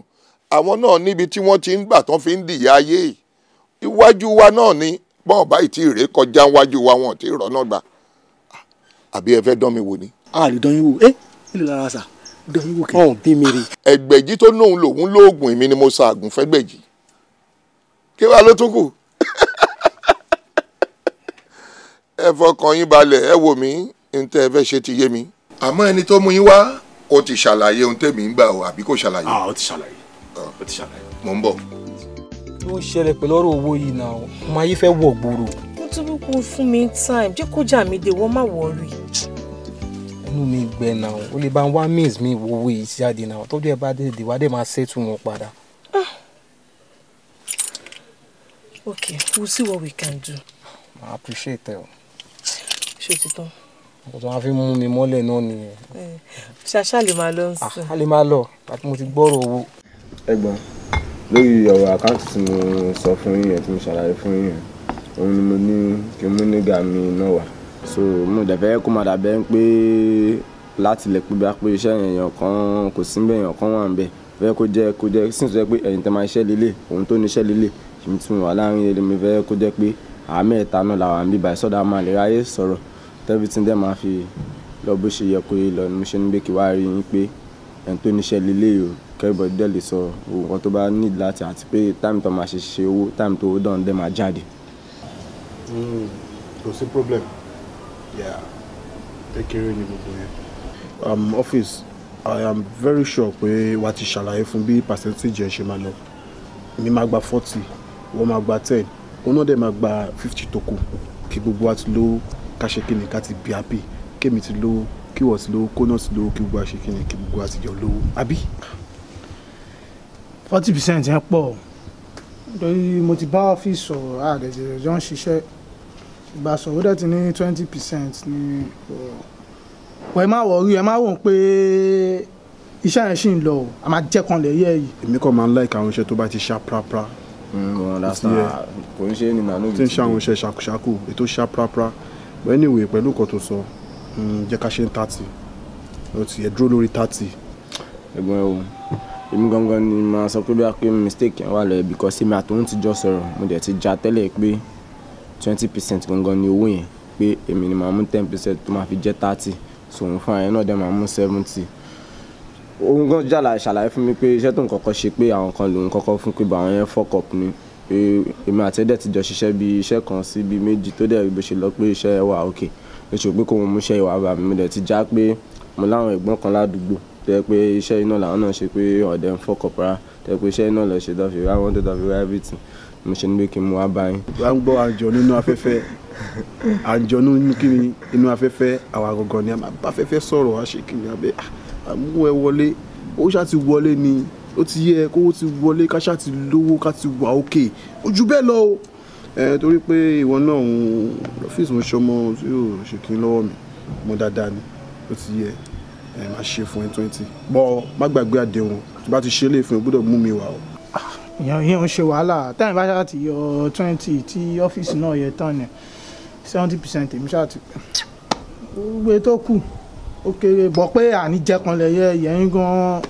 àwọn náà níbi tí wọ́n ti ń gbà tán fi ń dìyà ayé iwájú wa náà ni bọ́ọ̀ báyìí ti rèé kọjá iwájú wa wọn ti rọ̀ náà gbà àbí ẹ fẹ́ dán mi wò ni. a lè dán yín wò ẹ ẹ lè lára sà dán yín wò kẹ. ọ̀hún bí mi rè. ẹgbẹ̀jì tó nóun lòun lóògùn èmi ni mo sa àgùn fẹ́gbẹ̀jì kí wàá ló tún kù. ẹ fọkàn yín balẹ̀ ẹ wò mí n tẹ́ ẹ fẹ́ ṣe ti yé mi. àmọ́ ẹni tó mú yín wá ó ti ṣàlàyé ohun tẹ̀mí ń gbà o àbí kò ṣàlàyé. Ah, ó ti ṣàlàyé ah. ó ti ṣàlàyé. mo ń bọ̀. tó ṣẹlẹ̀ pẹ̀lú ọ̀rọ̀ owó yìí náà máa yí fẹ́ wọ̀ gbòòrò nítorí kò fún mi time jẹ́ kó jà mí dé wọ́n má wọ̀ọ́rì. inú mi gbẹ náà ó lè bá wá mins mi wowó yìí jáde náà tọ́jú ẹ bá dé dé wàá dé máa ṣètò wọn padà. Ah. okay we'll see what we can do. I appreciate it. ṣé o ti tán. mo tún wá fi mú mi mọ́lẹ̀ náà nìyẹn. Eh, ṣàṣà lè máa lọ ń ah, a lè máa lọ àti mo ti gbọ́rọ̀ owó. ẹ̀gbọ́n lórí ọ̀rọ̀ àkáǹtì tí mo sọ fún yín yẹn tí mo ṣàlàyé fún yín yẹn òun ni mo ní kí n mú nígà mi náà wá so mo dẹ̀ fẹ́ kó máa dàbẹ́ pé láti lè pé pé iṣẹ́ èèyàn kan kò sí bẹ́ẹ̀ èèyàn kan wà ń bẹ̀ fẹ́ kó jẹ́ kó jẹ́ sì ń sọ pé ẹ̀yin tẹ́ máa iṣẹ́ líle òun tó ní iṣẹ́ líle èmi tí mo wà láàrin ilé mi fẹ́ kó jẹ́ pé àmẹ́ ẹ̀ta náà làwọn àmì báyìí sọ́dọ̀ àmọ́ àlè ráyè sọ̀rọ̀ tẹ́bí tí ń dẹ́ máa fi lọ bó ṣe yẹ kó yé lọ ni mo ṣe ń gbé kí wá rí yín pé ẹni tó níṣẹ́ líle o kẹ́rìbọ̀dì dẹ̀ lè sọ òun kan tó bá ní láti àti pé táìmù tó máa ṣe ṣe owó táìmù tó dán dẹ̀ máa jáde. Mm. kò sí problem kékeré ni gbogbo yẹn. um office i am very sure pé wàá ti ṣàlàyé fún bí percentage ẹ ṣe máa lọ mi máa gba forty wọ́n máa gba ten oná dẹ̀ máa gba fifty tó kù kí gbogbo wa ti lówó ká ṣe kíni ká ti bí happy kémi ti lówó kí wọ́n ti lówó kóná ti lówó kí gbogbo wa ṣe kíni kí gbogbo wa ti jọ lówó àbí. forty percent yẹn pọ̀ nítorí mo ti bá ọ́fíìsì sọ̀rọ̀ àdẹ̀jẹ̀ jọ ń ṣiṣẹ́ ìbáṣọ ó dẹ̀ ti ní twenty percent ní ọ̀ ẹ má wọrí ẹ má wò ó pé iṣẹ́ yẹn ṣì ń lọ o a máa jẹ́ kan lẹ́yẹ yìí. èmi kàn máa ń láìka àwọn iṣẹ́ tó bá ti ṣá prapra. Mm, kò ń ṣe é ní nàánú yìí. tí ń ṣe àwọn iṣẹ́ ṣàkúṣàkù ètò ṣá prapra anyway pẹ̀lú nǹkan tó sọ mm, jẹ́ ká ṣe ń tàtì ó ti yẹ dúró lórí tàtì. ẹ̀gbọ́n o èmi gangan ni màá sọ pé bí a pé mistake yẹn wà lẹ́yìn because èmi àtòun ti jọ sọ̀rọ̀ mo dẹ̀ ti já tẹ́lẹ̀ pé twenty percent gangan ni owó yẹn pé èmi ni màá mú ten percent tó máa fi jẹ́ thirty so òun fún àyẹn náà dẹ̀ máa mú seventy òun gan jàlá ṣàlàyé fún mi pé iṣẹ́ tó ń kọ́kọ́ ṣe pé àwọn kan lòun kọ́kọ́ fún pé bàwọn yẹn fuck up ni pé èmi àti ẹ̀dẹ̀ ti jọ ṣiṣẹ́ bí iṣẹ́ kan sí bí méjì tó dẹ̀ bó ṣe lọ pé iṣẹ́ wà òkè èso pé kò ń mú iṣẹ́ ìwà bàmí mi dẹ̀ ti já pé mo láwọn ẹ̀gbọ́n kan ládùúgbò tó yẹ pé iṣẹ́ iná làwọn náà ṣe pé ọ̀dẹ̀ ń fuck up rárá tẹ́pẹ́ iṣẹ́ náà lọ ṣe dọ́fi wá wọ́n tó dọ́fi wá everything mo ṣe ní pé kí n mú wá bá yín. wá ń gbọ́ àjọ nínú afẹ́fẹ́ àjọ nínú afẹ́fẹ́ àwa gangan ni a máa bá afẹ́fẹ́ sọ̀rọ̀ wá ṣe kìnìún abẹ́ àmú ah, ẹ wọlé ó ṣáà ti wọlé ni ó ti yẹ kówó ti wọlé ká ṣáà ti lówó ká ti wà òkè ojú bẹ́ẹ̀ lọ o torí pé ìwọ náà òun lọ́fíìsì mo ṣọmọ tí yóò ṣe kí n lọ́wọ́ mi mo dáadáa ni ó ti yẹ máa ṣe fún ẹ twenty bọ́ má gbàgbé àdéhùn tí bá ti ṣe lè fún ẹ gbọ́dọ̀ mú mi wá o. ìyẹn ìyẹn ń ṣe wàhálà táyìn bá ṣáà ti yọ twenty tí ọ́fíìsì náà yẹ tán ni seventy percent èmi ṣáà ti pẹ́. gbogbo ètò kù ó kéré bọ́ pé àní jẹ́kanlẹ̀ yẹ ìyẹn gan-an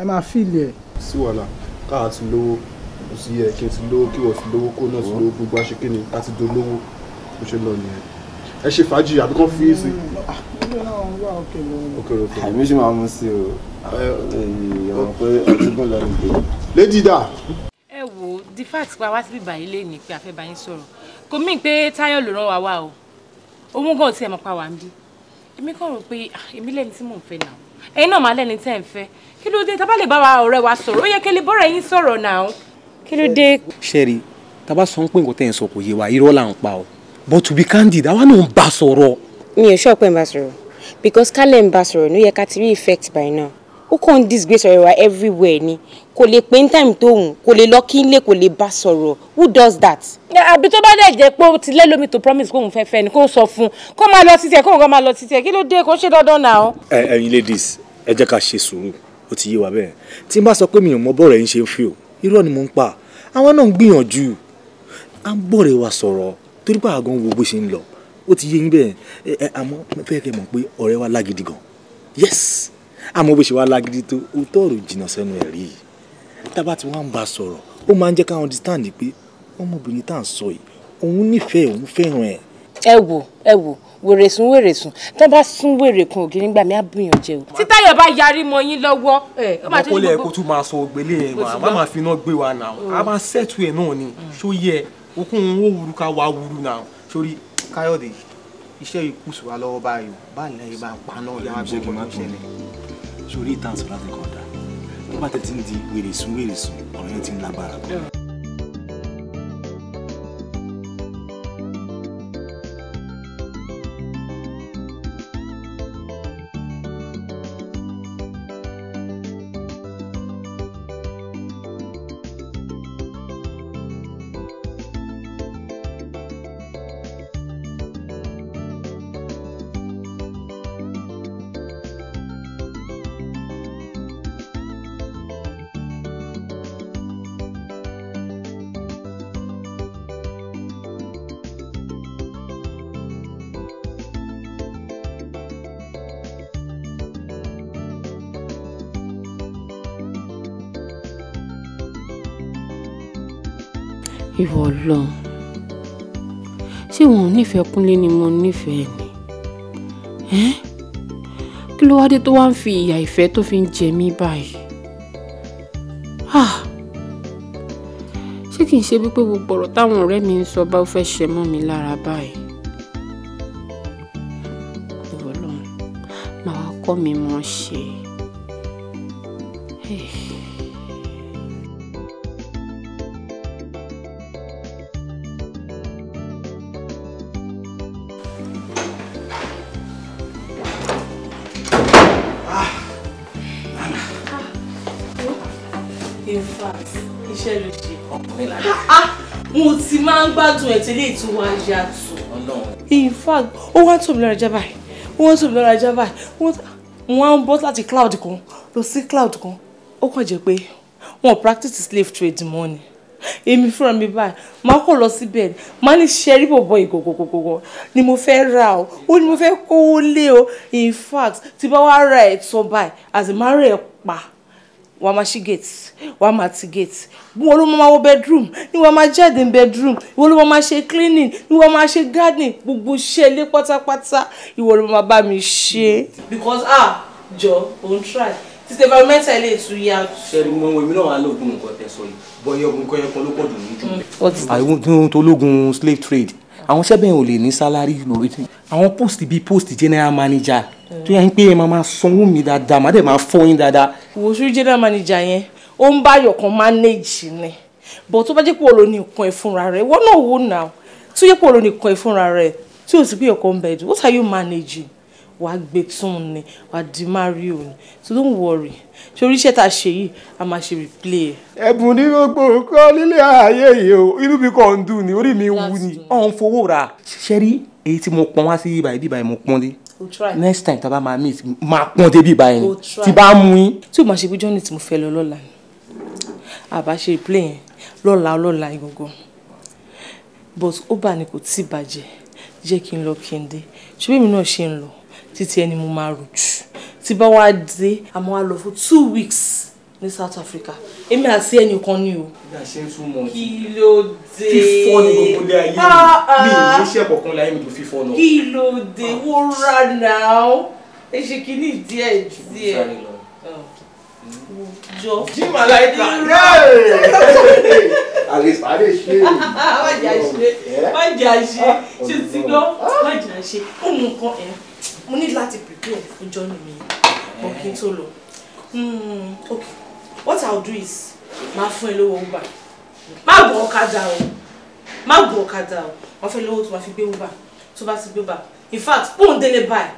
ẹ máa fíìlì ẹ̀. sí wàhálà káà ti lówó kò sí ẹ kí n ti lówó kí wọ́n ti lówó kó náà ti lówó gbogbo àṣekí ni ká ti dolówó kó ṣe lọ nìyẹn ẹ ṣe fàájì àbí fi í sí. òkè òkè àìmísí máa mú sí o lady da. ẹ wo the fact pa wá síbi báyìí lè ní pé a fẹ́ bá yín sọ̀rọ̀ kò mí pé Táyọ̀ ló rán wa wá o òun gan tiẹ̀ mọ̀ pa wà ń bí èmi kàn rò pé ah, èmi lẹ́ni tí mò ń fẹ́ náà ẹ̀yin náà máa lẹ́ni tẹ́ ń fẹ́ kí ló dé tábà lè bá ọ̀rẹ́ wa sọ̀rọ̀ ó yẹ kí lè bọ́ra yín sọ̀rọ̀ náà kí ló dé. sẹ́ẹ̀rì tábà sọ ń pè nǹkan tẹ̀ ń sọ kò yé wa irọ́ là ń pa o but to be candid àwa náà ń bá sọ̀rọ̀. mi ò sọ pé ń bá sọ̀rọ̀ because kálẹ̀ ń bá sọ̀rọ̀ ló yẹ ká ti rí effect by now ó kàn ń disgrace ọ̀rẹ́ everywhere ni kò lè pé ní time tó hùn kò lè lọ kí n lè kò lè bá sọ̀rọ̀ who does that. àbí tó bá dẹ̀ jẹ́ pé ó ti lé lómi promise kóun fẹ́ fẹ́ ni kóun sọ fún un kó máa lọ títí ẹ̀ kóun kó máa lọ títí ẹ̀ kí ló dé kó ṣe dandan náà. ẹ ẹyin ladies ẹ jẹ́ ká ṣe sùúrù ó ti yé wa bẹ́ẹ̀ tí n bá sọ pé mi ò mọ bọ́ọ̀rọ̀ yín ṣe ń fi o irọ́ ni mo ń pa àwọn náà ń gbìyànjú à ń bọ̀rẹ̀ wa sọ̀rọ̀ torí pé àgàn wo bó ṣe ń lọ ó ti yé yín bẹ́ẹ̀ àmọ́ fẹ́ẹ́ kẹ́ mọ̀ pé ọ̀rẹ́ wa lágídí gan yes àmọ́ bó ṣe wá lágídí tó ó tọ̀rọ̀ jìnnà sẹ́nu ẹ̀ rí i tábà tí wọ́n bá a sọ̀rọ̀ ó máa ń jẹ́ ká understand pé ọmọbìnrin tá à ń sọ yìí òun nífẹ̀ẹ́ òun fẹ́ràn ẹ̀. ẹ wò ẹ wò wèrè sún wèrè sún tán bá sún wèrè kun ògiri nígbà mi á bùyàn jẹ o. tí Táyọ̀ bá yarí mọ yín lọ́wọ́ ẹ̀ ó máa tó yín gbogbo. ọmọkọ́lẹ̀ kó tún máa sọ ògbélé ẹ̀ máa máa fi iná gbé wa náà a máa ṣètò ẹ̀ náà ni ṣó yẹ okun ó wuru ká wá wuru náà sórí Káyọ̀dé iṣẹ́ ikú sùn wa lọ́wọ́ báyìí báyìí lẹ́yìn bá ń pa náà lọ́wọ́ gbogbo ìṣẹ̀lẹ̀ sórí ìtàn sọ̀rọ̀ àti kọ̀ọ̀dà tó bá tẹ̀ tí ń di wèrè sùn wèrè sùn ọ̀rọ̀ yẹn ti ń lágbára. Ọlọ́run ṣé wọn ò nífẹ̀ẹ́ Kúnlé ni mo nífẹ̀ẹ́ ni ẹ́n kí ló wá dé tó wá ń fi ìyà ìfẹ́ tó fi ń jẹ mí báyìí ah! ṣé kì í ṣe wípé gbogbo ọ̀rọ̀ táwọn ọ̀rẹ́ mi ń sọ bá fẹ́ ṣe mọ́ mi lára báyìí ìwọ Ọlọ́run kọ́ mi mọ́ ṣe é. gbádùn ẹ̀ tí léyìí tún wá yàtọ̀. in fact ó wá tòmí lọ́ra jẹ́ báyìí ó wá tòmí lọ́ra jẹ́ báyìí wọ́n á bọ́ láti cloud kan lọ sí cloud kan ó kàn jẹ́ pé wọn practice slave trade mọ́ ni èmi fúnra mi báyìí máa kọ̀ lọ síbẹ̀ máa ní ṣẹ́rí bọ̀bọ̀ ìgògògògò ni mo fẹ́ ra o ó ní mo fẹ́ kówó lé o in fact tí bá wá ra ẹ̀ tán báyìí àti má rẹ̀ pa wàá máa ṣí gate wàá máa ti gate wọ́n ló máa wọ bedroom ni wọ́n máa jáde bedroom ìwọ ló máa ṣe cleaning ni wọ́n máa ṣe gardening gbogbo iṣẹ́ ilé pátápátá ìwọ ló máa bá mi ṣe. because ah jọ òun try títí environmental ilé ètò ya. sẹ́ni mo èmi náà wà lóògùn nǹkan tẹ̀sán yìí bọ́yọ̀ ogun kọ́yẹ́ kan ló pọ̀ jù àìwọ́n tó lógun slave trade àwọn iṣẹ́ bẹ́ẹ̀ ò lè ní sálárì lórí tí àwọn post bíi post general manager tó yẹ pé ẹ máa máa sanwó mi dáadáa má dẹ̀ máa fọ́ yín dáadáa. wòṣù general manager yẹn ó ń bá yọ̀kan manage ni bọ̀ tó bá jẹ́ pé òun ló ní nǹkan ẹ̀ fúnra rẹ̀ wọ́n náà wò náà tó yẹ pé òun ló ní nǹkan ẹ̀ fúnra rẹ̀ tí ò sí pé yọ̀kan bẹ̀ẹ́dù what are you managing? wàá gbé tún ni wàá di mario ni so don't worry torí iṣẹ́ tá a ṣe yìí a máa ṣe replay ẹ̀. ẹ̀bùn ní gbogbo nǹkan nílé ayé yìí o inú mi kàn ń dùn ní orí mi wú ni ọ̀hún fowó rà. ṣe rí èyí tí mo pọn wá sí ibà ibà mo pọn dé next time tá a bá máa meet máa pọn dé bíbá yẹn tí bá mú yín. tí o máa ṣe pé johnny tí mo fẹ́ lọ lọ́la ni àbá ṣe replay yẹn lọ́la ọlọ́la ìgangan but ó bá ní kò tí ì bàjẹ́ jẹ́ kí n lọ kí n dé ṣé bí mi náà ṣe ń lọ títí ẹni mo máa rò jù tí bá wá dé àmọ́ a lọ fún two weeks ní South Africa èmi àti ẹnì kan ni o. bí a ṣe ń tún mọ ọtí kí ló dé fífọ́ ní gbogbo ilé ayé mi ah, ah. mi ì ní ṣe ẹ̀kọ̀kan láyé mi tó fífọ́ náà. kí ló dé ah. wó ra náà ẹ ṣe kínní díẹ̀ díẹ̀ hmm. jọ. jim alaika àlèpàdé ṣe é. má jà ṣe eh? má jà ṣe ṣe ti gbọ́ má jà ṣe ó mú nǹkan ẹ̀. Eh? mo need láti prepare fún journey mi but kí n tó lọ hmm, okay what i'll do is máa fún ẹ lówó uber má gbọ́ ọ̀kadà o má gbọ́ ọ̀kadà o wọ́n fẹ́ lówó tó máa fi gbé uber tó bá ti gbé uber in fact bóun délé báyìí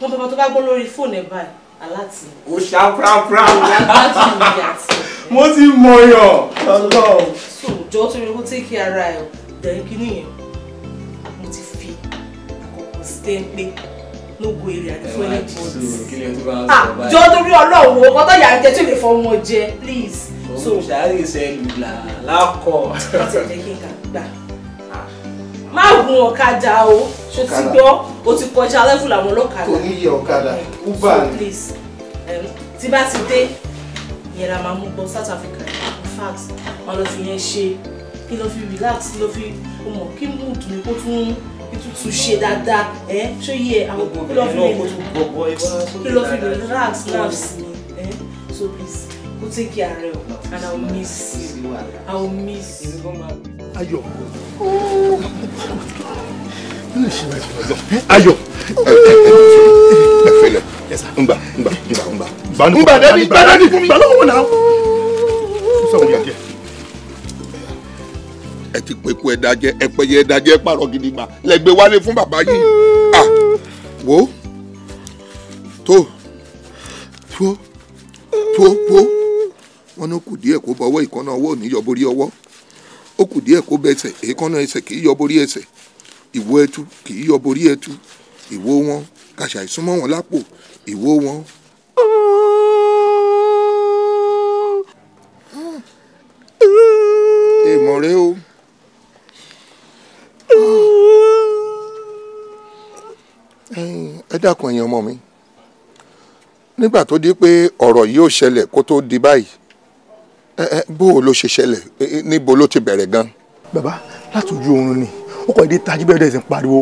wọ́n bá tó bá gbọ́ lórí fóònù ẹ̀ báyìí aláti. o ṣá prapra. aláti ni yàtì. mo ti mọyàn lọ́lọ́. so jọ tó yẹ kó tẹ́kì ara ẹ̀ dẹ̀ kí nìyẹn mo ti fi àkókò sí téńpé no go area fún ẹni bọ́ọ̀dì. jọ torí ọlọ́run wo ọkọ tó yà á jẹ tí ò lè fọ ọmọ jẹ please. so ṣáàrì ìṣẹ́lú làlákọ̀. ọtí ẹ̀jẹ̀ kí n kà gbà má gun ọ̀kadà o ṣó ti gbọ́ o ti kọjá level àwọn ọlọ́kadà. kò ní yẹ ọ̀kadà eh, uber ni. so please tí bá ti dé yẹn la máa mú bọ South Africa in fact wọn lọ fi yẹn ṣe kí ló fi relax kí ló fi mọ kí mood mi kó tún ìtútù ṣe dáadáa ẹ ṣó yẹ àwọn kí lọ fi lè kí lọ fi lè relax nerves ni so please go take care rẹ o and i will miss you i will miss you. Ayo. ayọ̀ nínú ìṣẹ̀lẹ̀ ìṣẹ̀lẹ̀ ayọ̀ ẹfẹlẹ ngba ngba ngba ngba ngba dẹbi gbadadi ngba lọ́wọ́ náà sọ wọn yà díẹ̀ ẹ ti pẹ̀kú ẹ̀dá jẹ ẹ̀pẹ̀yẹ ẹ̀dá jẹ pààrọ̀ gidigba lẹ́gbẹ̀ẹ́ wálé fún bàbá yìí à wò ó tó tó tó tó wọn ní ó kù díẹ̀ kó bọ́wọ́ ìkànnà ọwọ́ òní yọ borí ọwọ́ ó kù díẹ̀ kó bẹsẹ̀ èékánná ẹsẹ̀ kì í yọ borí ẹsẹ̀ ìwo ẹtu kì í yọ borí ẹtu ìwo wọn kàṣà ìsúnmọ́ wọn lápò ìwo wọn. èèmọ̀ rẹ o ẹ dákun ẹ̀yin ọmọ mi nígbà tó di pé ọ̀rọ̀ yìí ò ṣẹlẹ̀ kó tó di báyìí ẹ ẹ bó o ló ṣe ṣẹlẹ̀ níbo ló ti bẹ̀rẹ̀ gan. bàbá láti ojú oorun ni ó kọ́ ẹ dé tají bẹ́ẹ̀ dẹ̀ sì ń pariwo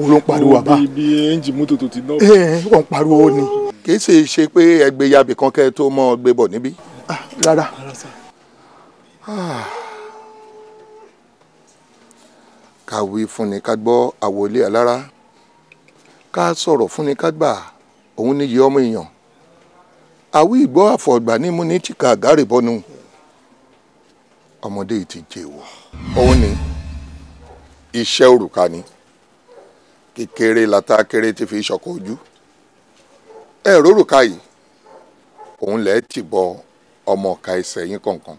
o ló ń pariwo àbá. ibi ẹ́ńjì mọ́tò tó ti ná. ẹ ẹ ó ń pariwo ni. kì í ṣe ṣe pé ẹgbẹ́ yabì kan kẹ́ ẹ tó mọ́ ọ gbé bọ̀ níbí. Ah, rárá. Ah ká wí fúnni ká gbọ́ àwọlé alára ká sọ̀rọ̀ fúnni ká gbà òun níyì ọmọ èèyàn àwí ìgbọ́ àfọ̀gbà ní mú ní tìka àgárèbọnu ọmọdé yìí ti jẹ́wọ́ òun ni iṣẹ́ òrùka ni kékeré lata kéré ti fi ṣọkọ ojú ẹ rórùka yìí òun lẹ́ẹ̀ tì bọ ọmọ ọ̀ka ẹsẹ̀ yín kọ̀ọ̀kan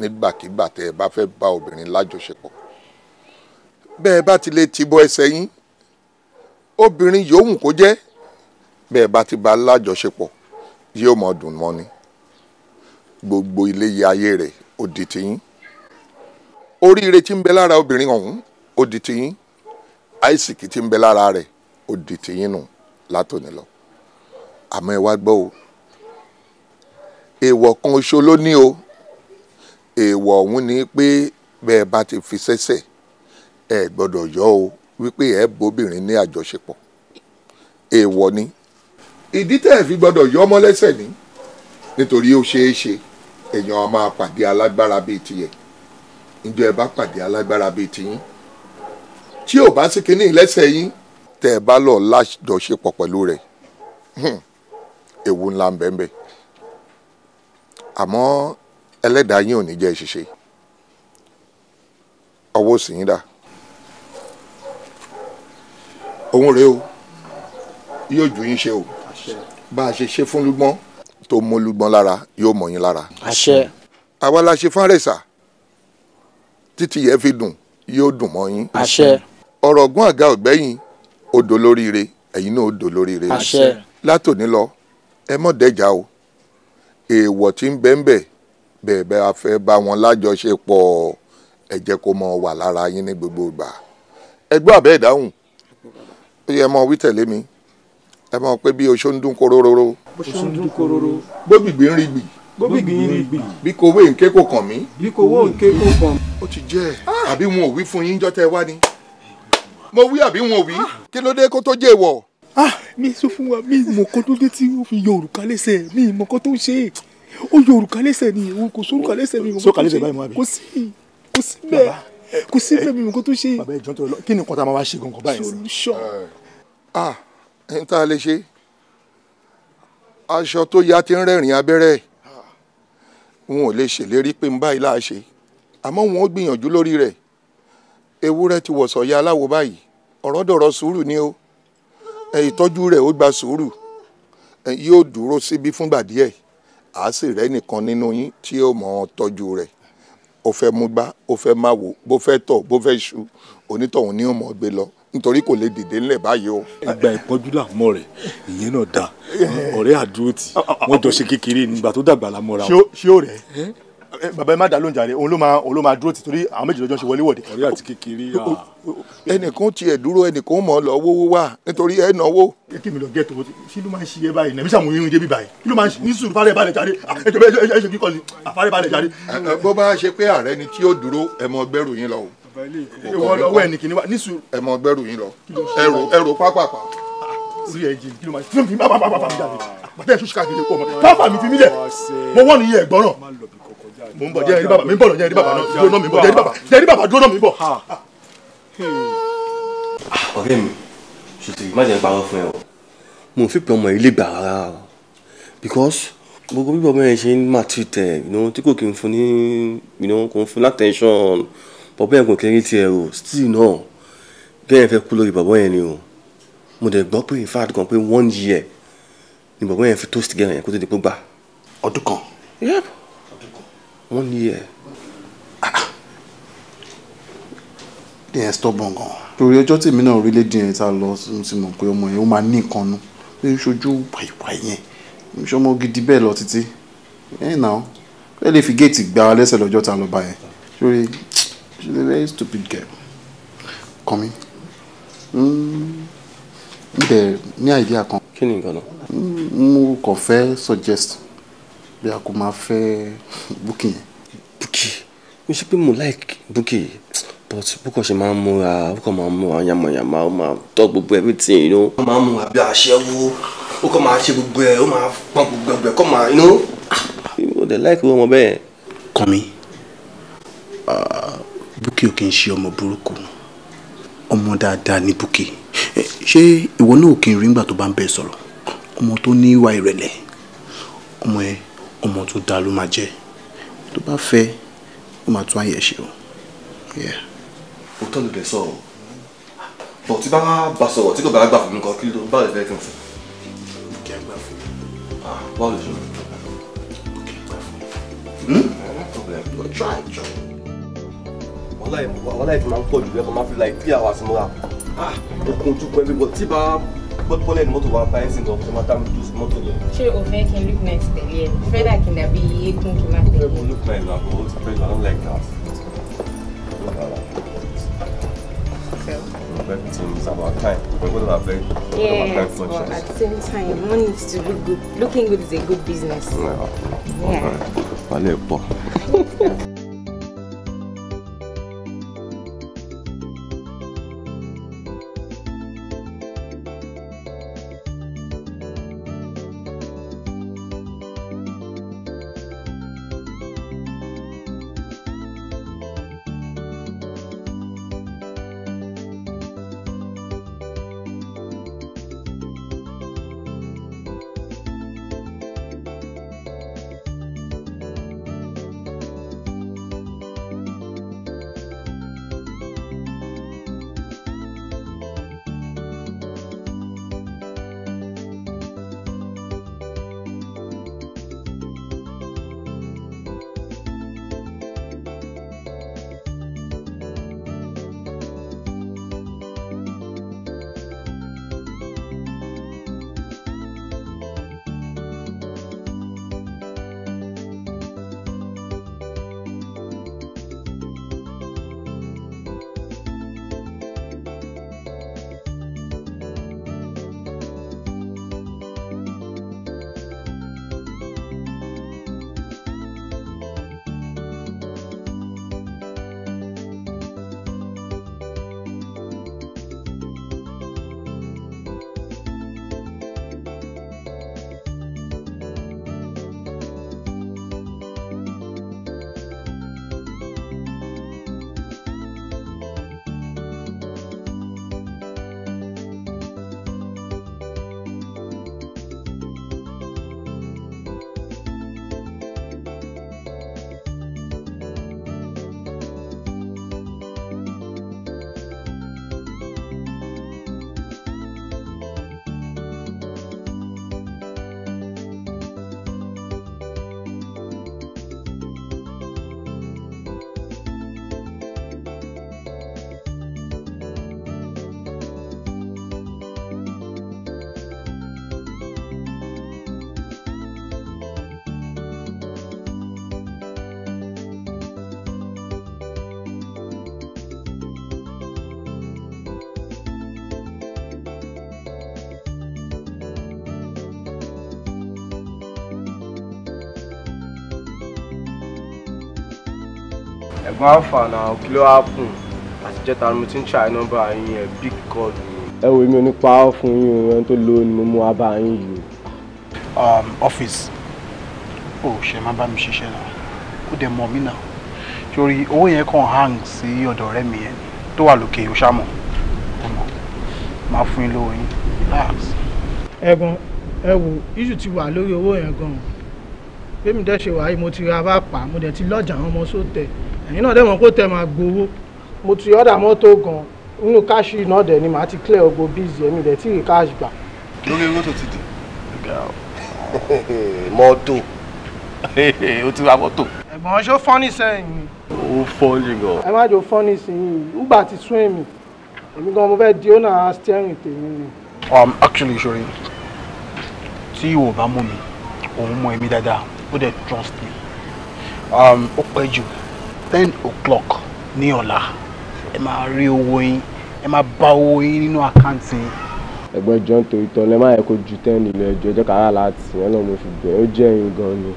nígbàkigbà tẹ́ ẹ bá fẹ́ bá obìnrin lájọṣepọ̀ bẹ́ẹ̀ bá ti lè tìbọ ẹsẹ̀ yín obìnrin yòówù kó jẹ́ bẹ́ẹ̀ bá ti bá lájọṣepọ̀ yóò mọ̀ dùn mọ́ ni gbogbo ilé ayé rẹ̀ ó di tiyín oríire tí ń bẹ lára obìnrin ọ̀hún ó di tiyín àìsìkì tí ń bẹ lára rẹ̀ ó di tiyín nù látòní lọ àmọ́ ẹ wá gbọ́ o èèwọ̀ kan ṣo ló ní o èèwọ̀ ọ̀hún ni pé bẹ́ẹ̀ bá ti fi sẹ́sẹ̀ ẹ gbọ́dọ̀ yọ o wípé ẹ bóbìnrin ní àjọṣepọ̀ èèwọ̀ ni ìdí tẹ́ ẹ fi gbọ́dọ̀ yọ ọmọ lẹ́sẹ̀ ní nítorí ó ṣeé ṣe èèyàn á máa pàdé alágbára bíi tiẹ̀ ǹjẹ́ ẹ bá pàdé alágbára bíi tiyín tí ò bá sí kínní lẹ́sẹ̀ yín tẹ́ ẹ bá lọ lájọṣepọ̀ pẹ̀lú rẹ̀ ewu ńlá ń àmọ́ ẹlẹ́dàá yín ò ní jẹ́ ṣiṣẹ́ ọwọ́ sì yín dà òun rèé o yóò jù yín ṣe o bá a ṣe ṣe fún lúgbọ́n tó mú lúgbọ́n lára yóò mọ̀ yín lára. àṣẹ. àwa la ṣe fárẹ̀sà títí yẹn fi dùn yóò dùn mọ́ yín. àṣẹ. ọ̀rọ̀ ọ̀gbọ́n àga ọ̀gbẹ́yìn odò lóríire ẹ̀yin náà odò lóríire. àṣẹ. látòní lọ ẹ mọ̀ dẹ́jà o èèwọ̀ tí ń bẹ́ńbẹ́ bẹ́ẹ̀ a fẹ́ bá wọn lájọṣepọ̀ ẹ kó mọ̀ wà lára yín ní gbogbo ìgbà ẹgbẹ́ àbẹ́ ìdáhùn ó yẹ mọ wí tẹ̀lé mi ẹ mọ pé bí oṣó ń dún kororo oṣó ń dún kororo gbógbìgbì ń rí gbì gbógbìgbì ń rí gbì bí kowó ènké kò kàn mí bí kowó ènké kò kàn mí. ó ti jẹ́ ẹ̀ àbí wọn ò wí fún yín jọ́tẹ̀ wá ni mo wí àbí wọn ò wí kí ló dé kó tó jẹ́ ìwọ. Ah, mi sọ fún wa mi mọ kó tó dé tí ó fi yọ òrùka lẹ́sẹ̀ mi mọ kó tó ṣe ó yọ òrùka lẹ́sẹ̀ ni òun kò sórùka lẹ́sẹ̀ mi mọ kó tó ṣe kò sí kò sí bẹ́ẹ̀ kò sí pé mímu kó tó ṣe. bàbá ìjọ tó lọ kí ni nǹkan tá a máa wá ṣe gangan báyìí. solution. ah ẹni tá a lè ṣe aṣọ tó ya ti ń rẹ́rìn abẹ́rẹ́ wọn ò lè ṣèlérí pé ń báyìí láà ṣe àmọ́ wọn ó gbìyànjú lórí rẹ̀ ewúrẹ́ ti wọ̀sọ̀ ya aláwo báyìí ọ̀rọ̀ dọ̀rọ̀ sùúrù ni o ìtọ́jú rẹ̀ ó gba sùúrù yóò dúró síbí fúngbà díẹ̀ àá sì rẹ́ nìkan nínú yín tí yóò mọ̀ ọ́ tọ́jú rẹ̀ ó fẹ́ mú gbá ó fẹ́ má wò bó fẹ́ tọ̀ bó fẹ́ ṣu onítọ̀hún ní ọmọ gbé lọ nítorí kò lè dìde ńlẹ̀ báyìí o. ìgbà ìpọ́njú làmọ́ rẹ̀ ìyẹn náà dáa ọ̀rẹ́ àdúró tì wọ́n jọ ṣe kékeré nígbà tó dàgbà làmọ́ra. ṣé ó rẹ̀ bàbá ẹ má dá lóúnjẹ rẹ òun ló máa òun ló máa dúró ti torí àwọn méjì ṣe wọlé wọ̀de. ọ̀rẹ́ àti kékeré yà. ẹnìkan tiẹ̀ dúró ẹnìkan mọ̀ lọ wówó wà nítorí ẹ náwó. kí mi lọ gẹ́ tó kí ló máa ń ṣe ẹ báyìí nàbí sàmúyí ń débi báyìí kí ló máa ń ṣe ní sùúrù fárẹ̀ balẹ̀ jáde ẹjọ́ bẹ́ẹ̀ ṣe kíkọ́ ni àfárẹ̀ balẹ̀ jáde. bó bá ṣe pé ààrẹ ni tí ó dúró ẹ mọ gbẹ́rù yín lọ. ìwọ lọ wẹ ẹnì kìíní ní sùúrù. ẹ mọ gbẹ́rù yín lọ ẹrù ẹrù pápápá mo ń bọ̀ jẹ́ ẹ̀rí bàbá mi ń bọ̀ jẹ́ ẹ̀rí bàbá náà dúró náà mi ń bọ̀ jẹ́ ẹ̀rí bàbá jẹ́ ẹ̀rí bàbá dúró náà mi ń bọ̀. ọ̀rẹ́ mi ṣètò má jẹ́ parọ́ fún ẹ o mo fi pé ọmọ ilé gbà rárá o because gbogbo bíbọ̀ bẹ́ẹ̀ ṣe ń máa ti tẹ̀ tí kò kí n fún ní kò ń fún látẹ̀ńṣọ̀n bọ̀bọ̀ yẹn kò kéré tiẹ̀ o still náà bẹ́ẹ̀ fẹ́ kú lórí bọ̀bọ̀ yẹn ni o mo dẹ̀ gbọ́ pé in fact pé one year ni bọ̀bọ̀ yẹn fi toast gẹ̀rẹ̀ yẹn kó tó di pé gbà. ọdún kan. yẹ́pù one year ní ah, ah. ẹ stubborn gan torí ọjọ́ tèmi náà rí lédi yẹn tá a lọ sí mọ̀ pé ọmọ yẹn ó máa ní nǹkan nu pé ṣojú pàìpàì yẹn ṣọmọ gidi bẹ́ẹ̀ lọ títí ẹ̀ náà ẹ lè fi géètì gba lẹ́sẹ̀ lọ́jọ́ tá a yẹn torí she is a very stupid girl kọ́mi n hmm. bẹ̀ ní àìdíà kan. kí ni nǹkan náà. Hmm, mo kàn fẹ́ suggest bí a kò máa fẹ́ búkì yẹn. búkì mo ṣe pé mo like búkì but búkọ̀ ṣe máa ń múra búkọ̀ máa ń múra yamayama ó máa tọ́ gbogbo everything you know. ó máa ń múra bí aṣẹ́wó ó kọ́ máa ṣe gbogbo ẹ̀ ó máa pọ́n gbogbo ẹ̀ kọ́ máa you know. ó ah, dẹ̀ like owó ọmọ bẹ́ẹ̀. kàn mí ah, búkì ò kì í ṣe ọmọ burúkú ọmọ dáadáa ní búkì eh, ṣé ìwọ náà ò kì í rí nígbà tó bá ń bẹ sọ̀rọ̀ ọmọ tó ní ìwà ìrẹ̀lẹ̀ ọmọ yẹn ọmọ tó dáa ló máa jẹ́ tó bá fẹ́ ó máa tún ayé ṣe o. òótọ́ ló dé sọ bọ̀ tí bá bá sọ̀rọ̀ tí kò bá gbà fún mi kan kí ló bá lè fẹ́ kí n fún. kí a gbà fún mi. Ah, báwo lè ṣe mí. kí a gbà fún mi. Hmm? try try. wàhálà ìmọ̀ wàhálà ìtì máa ń pọ̀ jù lẹ́kọ̀ọ́ máa fi like three hours mọ́ra. ó kun pẹ́ bí bọ̀ tí bá. But Pauline mă tu va pa singur, că mă tam dus mă tu. Ce o vei că look to you. Freda că ne bi e cum că mă time, money to look good. Looking good is a good business. Yeah. yeah. ẹ̀gbọ́n àǹfààní àwọn kí ló á kùn àtijọ́ta ni mo ti ń ṣàì nọ́mbà yín ẹ̀ big call mi. ẹ wo èmi ò ní pa á fún yín o ẹni tó lo ni mo mú wá bá yín yìí. ọ́fíìsì um, ò ṣe máa bá mi ṣiṣẹ́ náà ó dẹ̀ mọ̀ mí náà torí owó yẹn kàn hang sí ọ̀dọ̀ ọ̀rẹ́ mi yẹn tó wà lókè òṣàmọ̀ ọmọ máa fún yín lówó yín relax. ẹ̀gbọ́n ẹ wo iṣu ti wà lórí owó yẹn gan-an bẹ́ẹ̀ mi dẹ́ ṣe wàá yìí mo ti ra bá pa mo dẹ̀ ti lọ́jà àwọn ọmọ sóòtẹ̀ ẹ̀yin náà dẹ̀ mọ̀ kó tẹ̀ máa gbowó. mo ti ọ̀dà mọ́tò gan nínú káṣí náà dẹ̀ ni màá ti clear ogo bíìsì ẹ̀mí dẹ̀ tí káàṣì gbà. lórí owó ti dì. mọ́tò o ti ra mọ́tò. ẹ̀gbọ́n ṣó fọ́nì sẹ́yìn. ó fọ́nì gan. ẹ má jò fọ́nì sẹ́yìn ńgbà ti sún èmi èmi gan mo fẹ́ di ó náà steering tèmi ni. um actually sorry tí ìwọ bá mú mi òun mọ èmi dáadáa ó dẹ̀ trust me um ó pẹ́ jù ten o'clock ní ọ̀la ẹ máa rí owó yín ẹ máa bá owó yín nínú àkáǹtì yín. ẹ̀gbọ́n john torí tán lẹ má yẹ kó ju ten ilé ẹjọ́ ẹjọ́ kàrà láti yẹn náà mo fi bẹ̀ ó jẹ́ ẹ̀yin gan ni.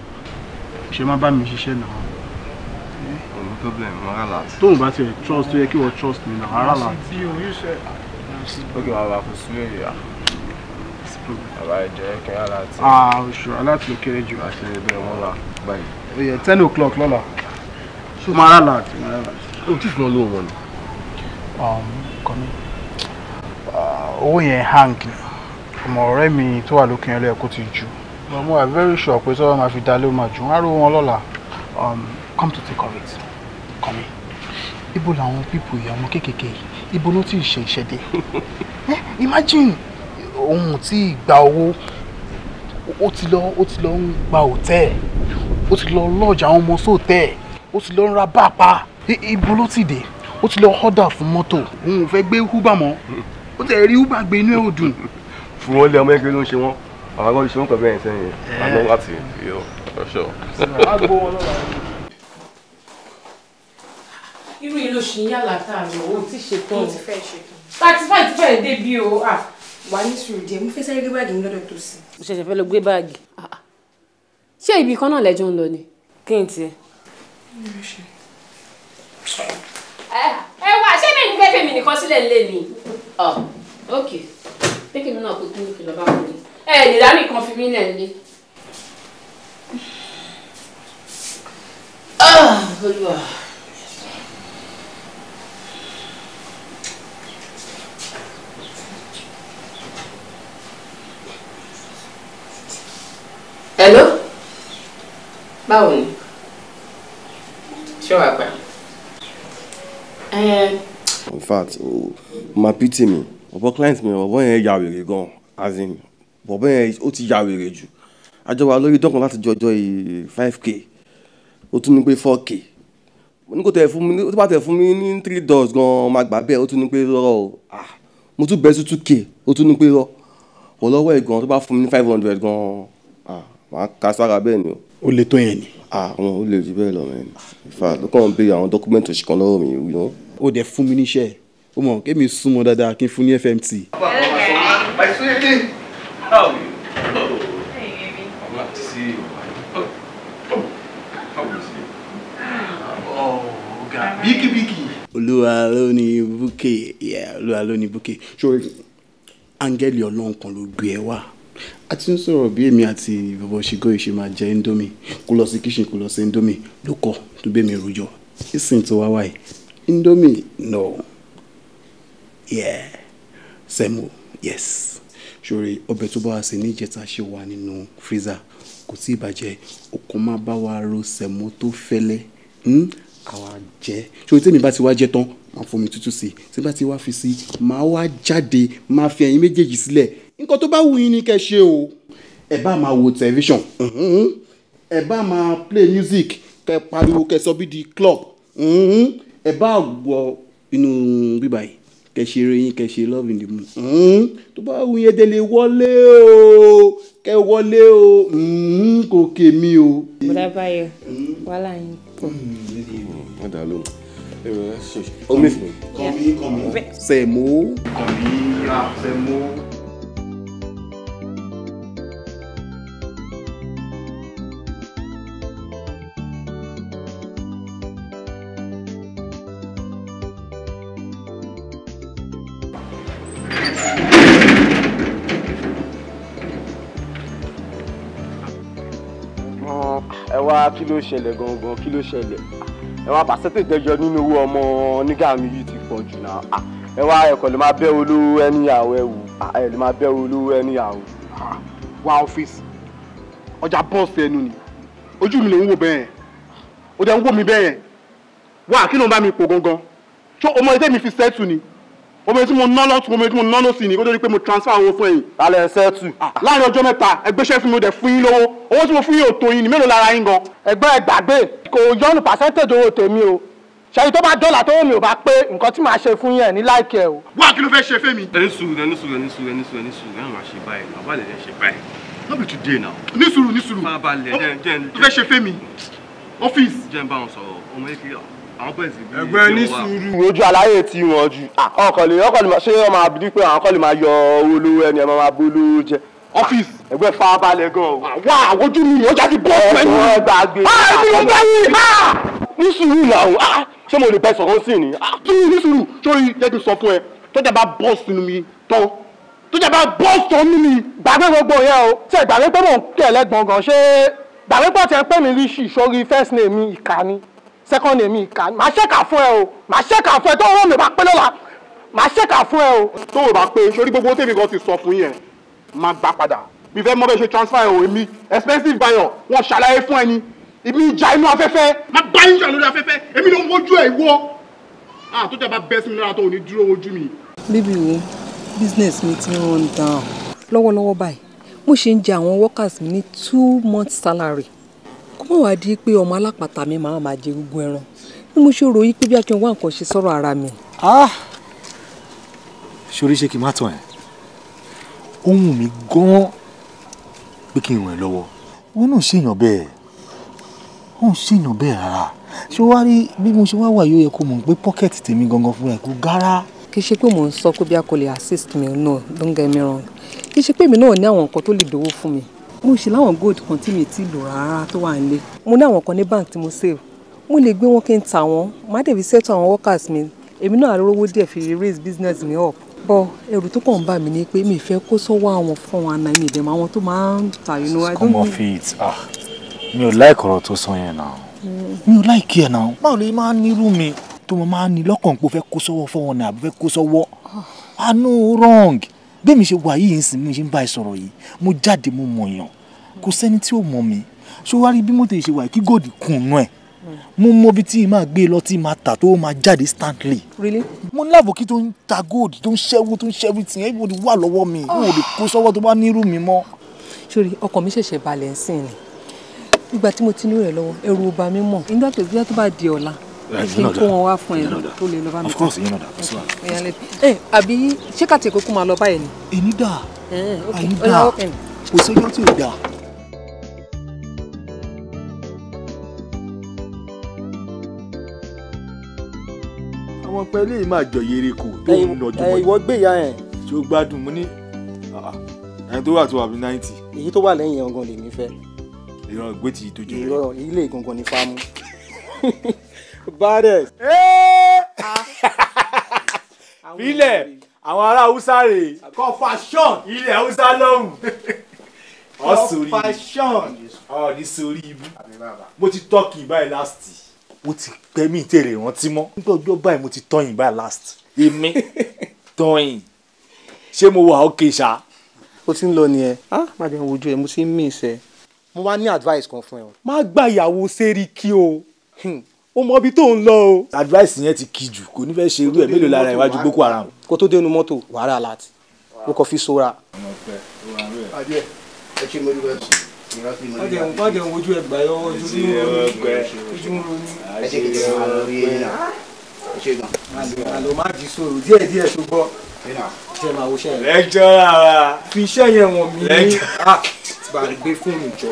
ṣé má bá mi ṣiṣẹ́ náà. no problem ara láti. tóun bá tiẹ̀ trust tó yẹ kí wọ́n trust mi náà ara láti. ókè wàá wà kó sílẹ̀ yà ah sure aláàtì ló kéré jù. àṣẹ ìbẹ̀rẹ̀ wọn wà báyìí. ten o'clock lọ́la mara la àti mara la. o ti fún ọ lóun wọn ni. Um, kọ́ni uh, owó yẹn hang ni ọmọ ọ̀rẹ́ mi tó wà lókè yẹn lẹ́ẹ̀kọ́ ti jù but mo wà very sure pé sọ́wọ́n máa fi dá lóun máa jù wọ́n á rò wọn lọ́la um, come to take of it kọ́ni ibo làwọn pípù yìí àwọn kéékèèké yìí ibo ló ti ṣe ìṣẹ̀dé eh, imagine òun ti gba owó ó ti lọ ó ti lọ ń gba òtẹ́ẹ̀ ó ti lọ lọ́ọ̀jà àwọn ọmọ sóòtẹ́ẹ̀ ó ti lọ ń ra bàpá ibo ló ti dé ó ti lọ họ́dà fún mọ́tò òun ò fẹ́ gbé uber mọ́ ó ti rí uber gbé inú ẹ̀ ò dùn. fún wọn lé ọmọ ẹgbẹ́ ló ń ṣe wọn àwọn ọmọ ìṣòwò pẹ̀lú ẹ̀yìn sẹ́yìn eh. àná láti yọ ọ̀ṣọ́. irú ìlú ṣì ń yà látàárọ̀ o ti ṣètò o ti fẹ́ ṣètò. thirty five ti fẹ́ẹ̀ débi o wà ní sùúrù díẹ̀ mo fẹ́ sáré gbé báàgì mi lọ́dọ̀ tó sí. mo ṣẹ̀ṣẹ̀ fẹ́ lọ gbé báàgì ṣé ibì kan náà lẹ́jọ́ ń lọ ni kí n tiẹ̀ ẹ wá ṣé mi fẹ́ fèmí nìkan sílẹ̀ ńlẹ̀ ni ok pé kí mi náà kó kí mi kìlọ̀ bá wù mí ẹ nìlá nìkan fi mí lẹ̀ ńlẹ̀. Ah, Olúwa. Hello? Báwo ni? ṣé wàá gbà. in fact my pity mi ọ̀bọ client mi ọ̀bọ yẹn ya wèrè gan as in ọ̀bọ yẹn ó ti ya wèrè jù àjọwà lórí dọ́kan láti jọjọ́ yìí five k ó tún ní pé four k mo ní kò tẹ̀ fún mi ó bá tẹ̀ fún mi ní three doors gan ma gbà bẹ́ẹ̀ ó tún ní pé rọ o mo tún bẹ́ẹ̀ sí two k ó tún ní pé rọ ọlọ́wọ́ ẹ̀ gan to bá fún mi ní five hundred gan màá kà sára bẹ́ẹ̀ ni o. ó le tó yẹn ni. Ah, àwọn ò lè rí bẹ́ẹ̀ lọ mẹ́rin ìfà lọ́kàn ń béèrè àwọn dọ́kúmẹ́ntì òṣìkan lọ́wọ́ mi. ó dẹ̀ fún mi níṣẹ́ ó mọ̀ kémi súnmọ́ dáadáa kí n fún ní FMT. bíkíbíkí. olúwa ló ní búkè olúwa ló ní búkè ṣé áńgẹ́lì ọlọ́run kan ló gbé ẹ wá a ti ń sọ̀rọ̀ bí èmi àti bọ̀bọ̀ ṣìgò ìṣe máa jẹ indomie kó lọ sí kíṣìn kó lọ sí indomie ló kọ tó bẹ́ẹ̀ mi rújọ ìsìn tó wá wáyé indomie no yeah semo yes ṣòro ọbẹ̀ tó bá wá sí ní ìjẹta ṣe wà nínú freezer kò tí ì bàjẹ́ okùn máa bá wa ro semo tó fẹ́lẹ́ àwa hmm? jẹ́ ṣòro tèmi bá ti wá jẹ tán máa fomi tútù sí i tí bá ti wá fi sí máa wá jáde máa fi ẹ̀yìn méjèèjì sílẹ̀ nǹkan tó bá wù yín ni kẹ́ ṣe o ẹ bá máa wo tẹlifíṣàn mm-hmm. ẹ bá máa play music kẹ́ pariwo kẹ́ sọ bí di club mm-hmm. ẹ bá gbọ́ inú bíbá yìí kẹ́ ṣe eré yín kẹ́ ṣe love in the moon mm-hmm. tó bá wù yín délé wọlé o kẹ́ wọlé o kò ké mi o. bùdá báyọ̀ wàhálà yín pọ̀. omi sẹ̀mó. sẹ̀mó. ló ṣẹlẹ̀ gangan kí ló ṣẹlẹ̀ ẹ wá pàṣẹtì ìdẹjọ nínú owó ọmọ nígà mi yìí ti pọ̀ jù náà ah, ẹ wá ẹ̀kọ́ lè máa bẹ́ olówó ẹníyàwó ẹ wù ah, ẹ lè máa bẹ́ olówó ẹníyàwó. Ah, wá ọ́fíìsì ọjà bọ́ọ̀sì ẹnu ni ojú mi ló ń wò bẹ́ẹ̀ ó dẹ̀ ń wò mí bẹ́ẹ̀ wá kí ló ń bá mi pò gangan ṣó o mọ ilé mi fi sẹ́tù omi tí mo ná lọ́tún omi tí mo ná lọ́sì ni kó tó di pé mo transfer owó fún ẹ̀yin. alẹ́ sẹ́ẹ̀tù. Ah, láàrin ọjọ́ mẹ́ta ẹgbẹ́sẹ̀ fún mi ó dẹ̀ fún yín lówó owó tí mo fún yín ò tó yín ni mélòó lára yín gan. ẹgbẹ́ ẹ kò yọnu percentage owó tèmi o ṣẹ́yìn tó bá dọ́là tó mi ò bá pé nǹkan tí màá ṣe fún yín ní láìkẹ́ o. wá kí ló fẹ́ ṣe fẹ́ mi. ẹni sùúrù ẹni sùúrù ẹni sùúrù ẹni sùúrù ẹni sùúrù ẹni wàá ṣe báyìí bàbá ṣe báyìí no be today now. ní sùúrù ní sùúrù. bàbá lè jẹ́ jẹ́ ló fẹ́ ṣe fẹ́ mi. ọ́fíìsì. jẹ́ n bá wọn sọ̀rọ̀ ọmọ ẹ̀kẹ́ ẹgbẹ́ ní sùúrù. ojú aláyè ti wọ́n ju ọkàn lè ọkàn lè ṣé ọmọ abidí pé àwọn kan lè máa yọ owó lówó ẹni ẹ máa bó lówó jẹ. ọ́fíìsì. ẹgbẹ́ fa balẹ̀ gan o. wá àwòjú mi ó jáde bọ́ ọ̀pẹ ni. ẹ gbàgbé. a ti wọ́n bá yìí ní sùúrù làwọn ṣé mo lè bẹ sọ̀rọ̀ sí ni. sùúrù ní sùúrù sórí jẹ́ sọ fún ẹ tọ́jà bá bọ́ sínú mi tán tọ́jà bá bọ́ sọ́nú mi gbàgbé gbogbo yẹn o first name mi ìkànnì second mi kà máa ṣẹ́kà fún ẹ o máa ṣẹ́kà fún ẹ tó rọ̀ mi bá pé lọ́la máa ṣẹ́kà fún ẹ o. tó o bá pé sórí gbogbo tèmi kan ti sọ fún yẹn máa gbà padà bí fẹ́ mọ́ bẹ́ẹ̀ ṣe transfer ẹ̀ o èmi expensive bayo wọ́n ṣàlàyé fún ẹni ibi ìjà inú afẹ́fẹ́. má bá yín jà lórí afẹ́fẹ́ èmi ló ń wojú ẹ̀ wọ́ àtúntà ah, bá bẹ́ sí mi lára tó ò ní dúró wojú mi. bíbí wo business mi ti ń run down lọ́wọ́lọ́wọ́ báyìí mo ṣe ń jẹ àwọn workers mi ní two months salary má wàá di pé ọmọ alápàtà mi máa máa jẹ gbogbo ẹran bí mo ṣe rò yí pé bí a kí n wá nǹkan ṣe sọ̀rọ̀ ara mi. Ah! ṣorí ṣe kì í má tàn ẹ́ ohun mi gan-an pé kí n ràn ẹ́ lọ́wọ́ wọn náà ṣèyàn bẹ́ẹ̀ wọn ṣèyàn bẹ́ẹ̀ rárá ṣé wàá rí bí mo ṣe wá wà yóò yẹ kó mọ̀ pé pọ́kẹ́tì tèmi gangan fúnra ẹ̀ kó gárá. kì í ṣe pé mò ń sọ pé bí a kò lè assist mi náà don't get me wrong kì í ṣe pé èmi náà ní àwọn nǹkan tó lè dòwó fún mi mo ṣe láwọn gold kan tí mi ti lò rárá tó wà nílé mo ní àwọn kan ní bank tí mo save mo lè gbé wọn kí n tà wọn má dẹ̀ fi settle àwọn workers mi èmi náà arówó díẹ̀ fi raise business mi up bọ ẹrù tó kàn ń bà mí ni pé mi fẹ́ kó sọ́wọ́ àwọn fún wa náà mi ìdẹ̀ mọ́ àwọn tó máa ń tà yín níwájú mi. come off it ah mi ò láì kọ̀rọ̀ tó sọ yẹn náà mi ò láì kí ẹ̀ náà báwo lè máa nírú mi tó máa ní lọ́kàn pé ó fẹ́ kó sọ́wọ́ fún wọn náà àbí kó sọ́wọ́ ah wrong bẹ́ẹ̀ mi ṣe wà yìí ń sìn mi ṣe ń bá ẹ sọ̀rọ̀ yìí mo jáde mo mọ̀ yàn kò sẹ́ni tí ò mọ̀ mi ṣó wá rí bí mo tèè ṣe wà yìí kí gòdì kùnú ẹ̀ mo mọ bí tí màá gbé lọ tí màá tà tó máa jáde Stanley. Really? mo ní àbòkí tó ń ta gold tó ń ṣẹ́wó tó ń ṣẹ́wó tí ẹ̀ ìbòdì wà lọ́wọ́ mi ìbòdì kó sọ́wọ́ tó bá nírú mi mọ́. sori ọkàn mi ṣẹ̀ṣẹ̀ balẹ̀ ń sìn ni nígbà tí mo ti ní rẹ̀ lọ́wọ́ ò bà mí mọ́ nígbà tó bá di ọ̀la kí n kó wọn wá fún of course yín náà dà kó sí wa. ẹ àbí ṣé kàtí kókó máa lọ báyìí ni. èyí dà eh, àyí dà kò sẹ́jọ́ tí ò dà. àwọn pẹ́ẹ́lí yìí máa jọ yere kò tó ń nọjú mọ́ ìwọ gbé ìyá ẹ̀. tí ó gbádùn mo ní ah, ẹni tó wà tó wà bí náìtì. èyí tó wà lẹ́yìn ọgàn lèmi fẹ́. ìrọ̀ gbé ti tó jẹ́. ìrọ̀ ilé ìgangan ni fámú. baddest. Eh! filẹ̀ àwọn ará haúsá rèé. confession ilẹ̀ haúsá lọ́hùn. ọ̀sùn confession. ọ̀ọ́ni sórí ibú. mo ti tọ́kì báyìí last. mo ti pẹ́ mi ìtẹ̀rẹ̀ rántí mọ́. nígbà ọjọ́ báyìí mo ti tọ́yìn báyìí last. èmi tọ́yìn ṣé mo wà ókè ṣá. o ti ń lọ nìyẹn. má jẹun wojú ẹ mo ti ń mí ìṣe. mo wá ní advice kan fún ẹ o. má gba ìyàwó sẹ́ríkì o hmm ó mọ ibi tó ń lọ o. advice yẹn ti kí jù kò ní fẹ́ ṣe irú ẹ̀ mélòó lára ìwájú boko haram. kó tó dénú mọ́tò wàhálà láti ó kọ fi sóra. ọjọ́ ojú ẹgbà yọ ojú ní ojú ní ronú. àlọ́ má jí sọ̀rọ̀ díẹ̀díẹ̀ ṣùgbọ́n jẹ́ máa wọṣẹ́ yẹn. lẹ́jọ́ra wa. fi iṣẹ́ yẹn wọ̀n mí ní àgbẹ̀ fún mi jọ.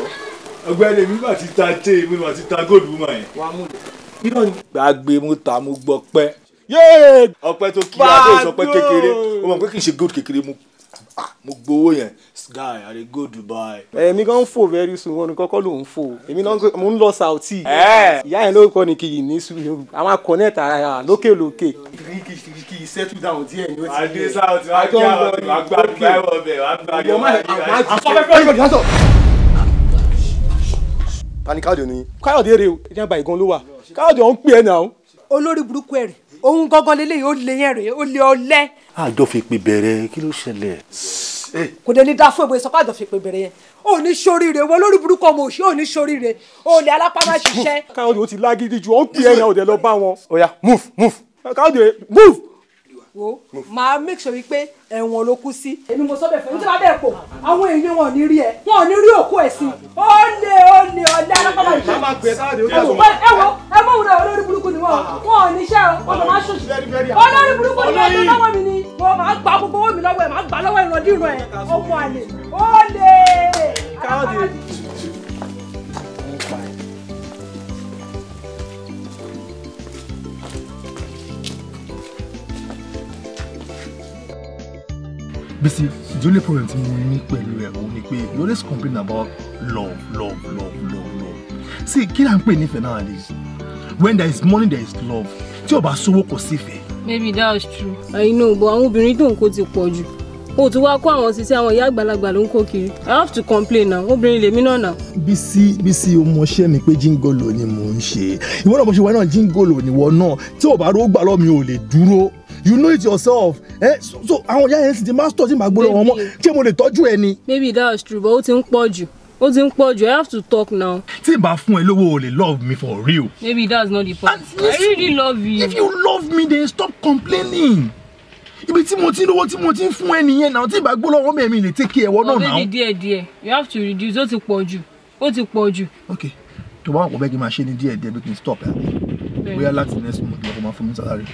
ọgbẹ́ni mi máa ti ta tẹ́ mi máa ti ta góòlù mọ́ yẹn. wàá mú lọ irọ́ ni. gbàgbé mo ta mo gbọ́ pẹ́. yéè ọpẹ tó kí adó ìsọpẹ kékeré o mọ̀ pé kì í ṣe gold kékeré mu mo gbowó yẹn guy i dey go dubai. èmi gan fò very soon wọn ni kọ́kọ́ ló ń fò èmi náà mo ń lọ Saudi. ìyá yẹn lórúkọ ni kì í ní sùúrù àwọn akọ̀nẹ́ta ara lókè lókè. kì í settle down díẹ̀ ni ó ti I adé sáà tí wàá gbà wọ́n bẹ̀ wàá gbà wọ́n bẹ̀ wàá gbà wọ́n bẹ̀ ta ni káyọ̀dé ni káyọ̀dé rè o ìjàmbá ìgan ló wà káyọ̀dé ọ̀hún pè é náà. olórí burúkú ẹ̀ rè ohun gangan lélẹ́yìí ó lè yẹn rè ó lè ọlẹ́. àjọ fi pè bẹ̀rẹ̀ kí ló ṣẹlẹ̀. kò dé ní dá fún ìbòye sọ́kọ́ àjọ fi pè bẹ̀rẹ̀ yẹn ò ní ṣoríire wọ lórí burúkú ọmọ òṣì ò ní ṣoríire olè alápámá ṣiṣẹ́. káyọ̀dé ó ti lágídí ju ọ̀hún pè é náà ò dé lọ bá wọn wo máa make sure wípé ẹ̀wọ̀n ló kú sí. èmi mo sọ bẹ́ẹ̀ fún mi tí wọ́n bẹ́ẹ̀ pò àwọn èèyàn wọn ò ní rí ẹ wọn ò ní rí òkú ẹ̀ sí i ó lè ó lè ọ̀dà alápàdà ìṣe. màmá gbé káàdì ó dàgbọ́. ẹ wo ẹ mọ̀ wúlò olórí burúkú ni wọn wọn ò ní iṣẹ́ o wọn máa ṣòṣì. olórí burúkú ni ẹjọ́ lọ́wọ́ mi ni wọn máa gba gbogbo owó mi lọ́wọ́ ẹ̀ máa gba lọ́wọ́ ìrandíran ẹ̀ ọkọ̀ àlè ó lè. káàdì Bisi, the only problem tí mo ní pẹ̀lú ẹ̀ òun ni pé you always complain about love love love love love see kí là ń pè nífẹ̀ẹ́ nowadays when there is money there is love tí o bá sówó kò sífẹ̀ẹ́. maybe that's true. I know but àwọn obìnrin tó ń kó ti pọ̀ jù o tún wá kó àwọn ṣiṣẹ́ àwọn ìyá àgbàlagbà ló ń kó kiri I have to complain now obìnrin lèmi náà nà. Bísí Bísí o mọ ṣẹ́ mi pé jíngòlò ni mò ń ṣe ìwọ náà mo ṣe wá náà jíngòlò nìwọ náà tí ò bá rógbà lọ́mi ò lè dúró you know it yourself eh? so, so àwọn ìyá yẹn sì ti máa tọ́ sí màá gbóló wọn mọ́ ṣé mo lè tọ́jú ẹ ni. maybe that's true but ó ti ń pọ̀ jù ó ti ń pọ̀ jù i have to talk now. tí ì bá fún ẹ lówó o lè love me for real. maybe that's not the point i really love you. if you love me then stop complaining ibi tí mo ti ń lówó tí mo ti ń fún ẹ nìyẹn náà tí ì bá gbóló wọn mẹ́rin lè take care ẹ̀wọ́ náà oh, náà. ọ̀bẹ́ni díẹ̀ díẹ̀ you have to reduce ó ti pọ̀ jù ó ti pọ̀ jù. ok tó bá wà pọ̀ bẹ́ẹ̀ kí n máa ṣe ní díẹ̀ díẹ̀ bí kí n stop Eh? bóyá láti next month lọ́kọ̀ máa fún salary.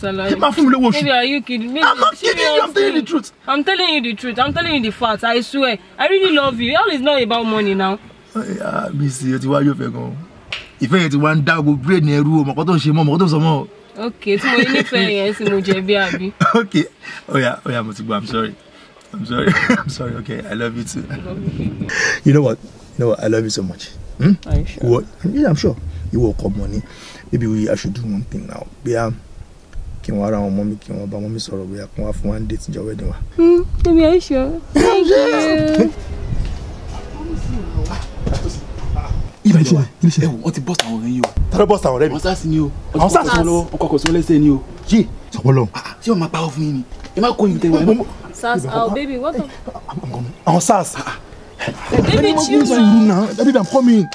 salary máa fún mi are you kidding me. i'm not kidding i'm telling you the truth. i'm telling you the truth i'm telling you the facts. i swear i really love you all is not about money now. bísí o ti wá yóò fẹ́ gan-an ìfẹ́ yẹn ti wá ń dá gbogbo bírèdì ẹrú o mọ̀kọ́ tó ń ṣe mọ́ mọ̀kọ́ tó ń sọ mọ́ o. ok tí mo oh yeah. sì mo jẹ̀bi i'm sorry i'm sorry i'm sorry okay i love you too. love you You know what you know what i love you so much. Hmm? are you sure? what yeah i'm sure. You will come, money maybe we I should do one thing now bóyá kí wọn ara wọn mọ mi kí wọn bá mọ mi sọ̀rọ̀ bóyá kí wọn fún wa ní date ìjọ wedding wa. maybe hmm, are you sure. thank you. ibà ìṣe ibà ìṣe. ẹ wò ó ti bọ́sì àwọn ọ̀rẹ́ yìí o. tẹ́lẹ̀ bọ́sì àwọn ọ̀rẹ́ mi. àwọn sáàsì ni o. àwọn sáàsì wọn lọ́wọ́ ọkọ̀ kò sí wọn lẹ́sẹ̀ ni o. yé sọpọlọ. ṣé o máa pa ọ fún yín ni ẹ má kó yín tẹ́wọ́. sars our oh, baby what ah, ah, of. àwọn sars. Ah, baby chill na. baby i'm coming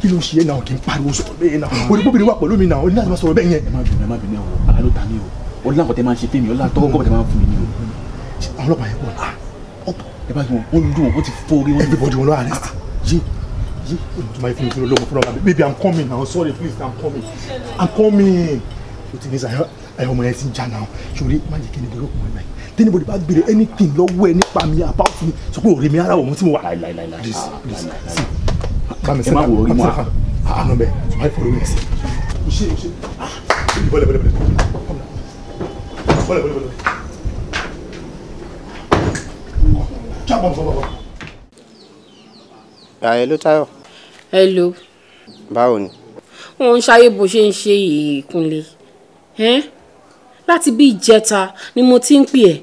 kí ló ń ṣe é náà kí n pariwo sọ̀rọ̀ bẹ́ẹ̀ náà olùkóbìnrin wà pẹ̀lú mi náà o ní láti máa sọ̀rọ̀ bẹ́ẹ̀ yẹn. ẹ má bínú ẹ má bínú ẹ wò ara ló ta mí o ó ní àkọ́tẹ́ máa ń ṣe fẹ́mi ó ní àtọ́wọ́ kọ́kọ́ tẹ́ máa ń fún mi ní o. àwọn ọlọ́pàá yẹn pọ̀ náà ah, ẹ bá wọn ó lù wọn ti fọ́ọ́rí wọn. everybody wọn lọ arrest ah, yé yé olùtúmọ̀ yìí fún mi fún olóògùn fúnra mi baby i'm coming now sorry please i'm coming i'm coming o ti ní sàyọ ẹ̀yọ́ ọmọ yẹn ti ń jà náà ṣòrí má jẹ́ kí ẹni bẹ̀rẹ̀ ọkùnrin báyìí tẹ́nibọ̀dì bá béèrè anything lọ́wọ́ ẹ nípa mi about mi sọ pé òrèmí ara òun tí mo wà. láìláìláìláì bami sẹ ma wò rí mu a a nọ bẹ a yẹ fọlọ mi ẹsẹ o ṣe o ṣe ah bọlẹ bọlẹ bọlẹ bọlẹ bọlẹ bọlẹ ja bọ bọ bọ bọ. ààyè ló tayọ. ẹ lo. báwo ni. wọn ń ṣayé bó ṣe ń ṣe yìí kúnlẹ̀ láti bí ìjẹta ni mo ti ń pè ẹ́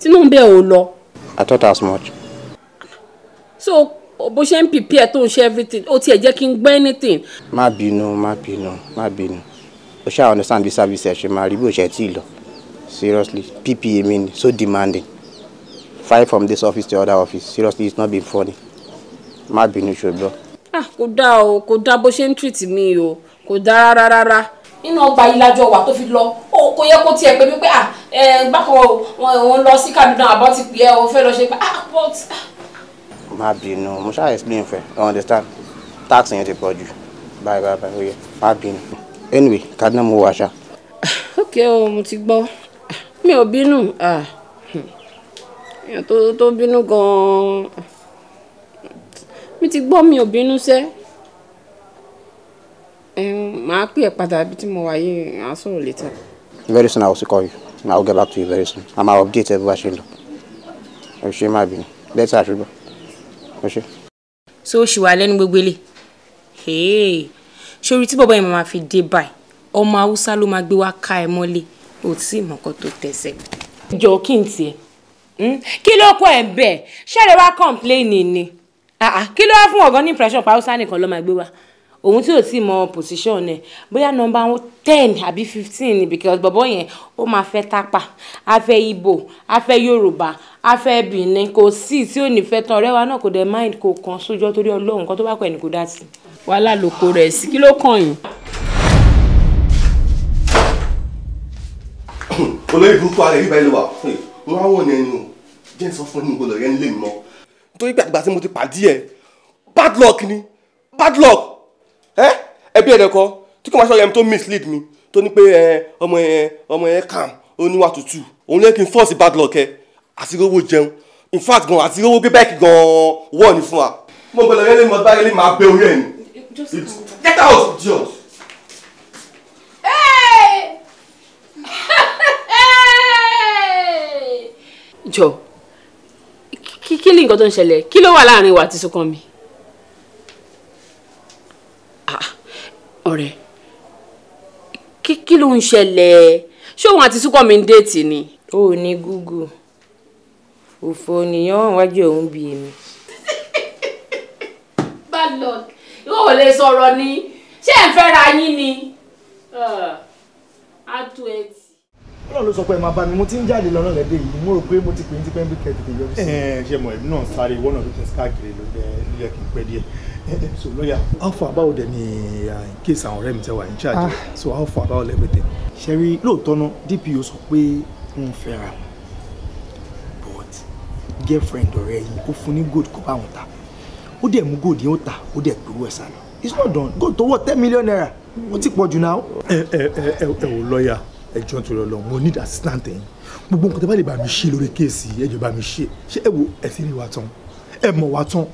tí náà bẹ́ẹ̀ ò lọ. I thought as much. so bó ṣe ń prepare tó ń ṣe everything ó tiẹ̀ jẹ́ kí n gbọ́ anything. má bínú má bínú má bínú o ṣáà understand bí service ẹ ṣe máa rí bí o ṣe tí ì lọ seriously PPA mean so demanding fly from this office to other office seriously it's not been funny má bínú ṣùgbọ́n. ah kò dáa o kò dáa bó ṣe ń treat mi o kò dáa rárá rárá nínú ọgbà ìlàjọ wà tó fi lọ kò yẹ kó tiẹ̀ pé wípé ah eh, bákan wọn lọ sí Kaduna àbọ̀ ti pè é o fẹ́ lọ ṣe pé ah but. Ah, Ma binu, mo ṣáà explain fẹ́ you understand tax yẹn ti pọ̀ jù bye. báyìí báyìí oyè má bínú anyway kaduna mo wà ṣá. ok o mo ti gbọ́ mi ò bínú èèyàn tó tó bínú gan-an mi ti gbọ́ mi ò bínú sẹ́ màá pè ẹ́ padà bí tí mo wà yìí à ń sọ̀rọ̀ later. very soon i will call you i will get back to you very soon i ma update ẹ bí wàá ṣe lọ ẹ ṣe má bínú later ṣùgbọ́n o ṣe. so ó ṣì wà lẹ́nu gbogbo ilé ṣorí tí bọ́bọ́ yẹn máa fi dé báyìí ọmọ haúsá ló máa gbé wá ká ẹ mọ́lé ò tí ì mọ̀kọ́ tó tẹ̀sẹ̀. jọ kí n tiẹ̀ hmm? kí ló kọ ẹ̀ bẹ́ẹ̀ ṣẹ́ẹ̀rẹ̀ wá kọ́ńpléènì ni ah, ah. kí ló wá fún ọ̀gán ní impression pa haúsá nìkan ló máa gbé wá òun tí ò tí mọ position ẹ̀ bóyá number ten àbí fifteen because bọ̀bọ̀ yẹn ó máa fẹ́ tápà á fẹ́ ibo á fẹ́ yorùbá á fẹ́ benin kò sí tí ò ní fẹ́ tán ọ̀rẹ́ wa náà kò dẹ̀ mind kò kàn sójọ́ torí ọlọ́run kan tó bá pẹ̀ ní kò dá sí. wàhálà lóko rẹ̀ sí kí ló kàn yín. olórí burúkú ara yìí báyìí ló wà wọn á wọ̀ ní ẹni o jẹ́ sọ fún níbo lọ́rẹ́ ń lè mọ́. nítorí pé tí mo ti pàdé ẹ bad luck ni bad luck Eh? ẹ ẹbí ẹ̀dẹ̀ kọ tí kò máa sọ̀rọ̀ ẹni tó mislead mi tó ní pé ọmọ yẹn ọmọ yẹn calm oníwà tútù òun lè kí n force bad luck ẹ àti rówó jẹun in fact gan àti rówó gbé báyìí gan wọ́ọ̀ ni fún wa. mo gbọ́dọ̀ yẹn lè mọ báyìí lè máa bẹ orí ẹ̀ ni get out idiot. jọ kí ni nǹkan tó ń ṣẹlẹ̀ kí ló wà láàrin wa àti Sukanmi. ọ̀rẹ́ kí ló ń ṣẹlẹ̀ ṣé òun àti Súnkànmí ń déètì ni. ó ní gúgù òfò nìyẹn wájú òun bí èmi. bad luck ìwọ ò lè sọ̀rọ̀ ni ṣé ẹ̀ ń fẹ́ra yín ni. atu ah, ẹtì. ọlọ́run ló sọ pé ẹ máa bá mi mo ti ń jáde lọ́nà lẹ́dẹ̀ yìí mo rò pé mo ti pè ní tipẹ́ kẹ́ẹ̀tì kejì ọdún sí. Eh, ẹ ṣe mọ̀ ẹ̀mí náà sáré one of the things káàkiri ló yẹ kí n pẹ́ díẹ̀. so lawyer how far about the uh, ni case àwọn ọ̀rẹ́ mi tẹ́ wà in charge ah. so how far about everything. ṣẹ́rí lóòótọ́ náà DPO sọ pé wọ́n fẹ́ra but girlfriend ọ̀rẹ́ yìí ó fún ní gold kó bá wọn ta ó dẹ̀ mú gold yẹn ó ta ó dẹ̀ gbowó ẹ̀ sá lọ it's not done gold tó wọ̀ ten million naira ó ti pọ̀ jù náà. ẹ ẹ ẹ ẹ wò lọ́ọ̀yà ẹjọ́ tó lọ́lọ́ mo need assistant yẹn gbogbo nǹkan tó bá lè bá mi ṣe lórí kéèsì ẹjọ́ bá mi ṣe ṣé ẹ wo ẹ ti rí wa tán ẹ mọ̀ wa tán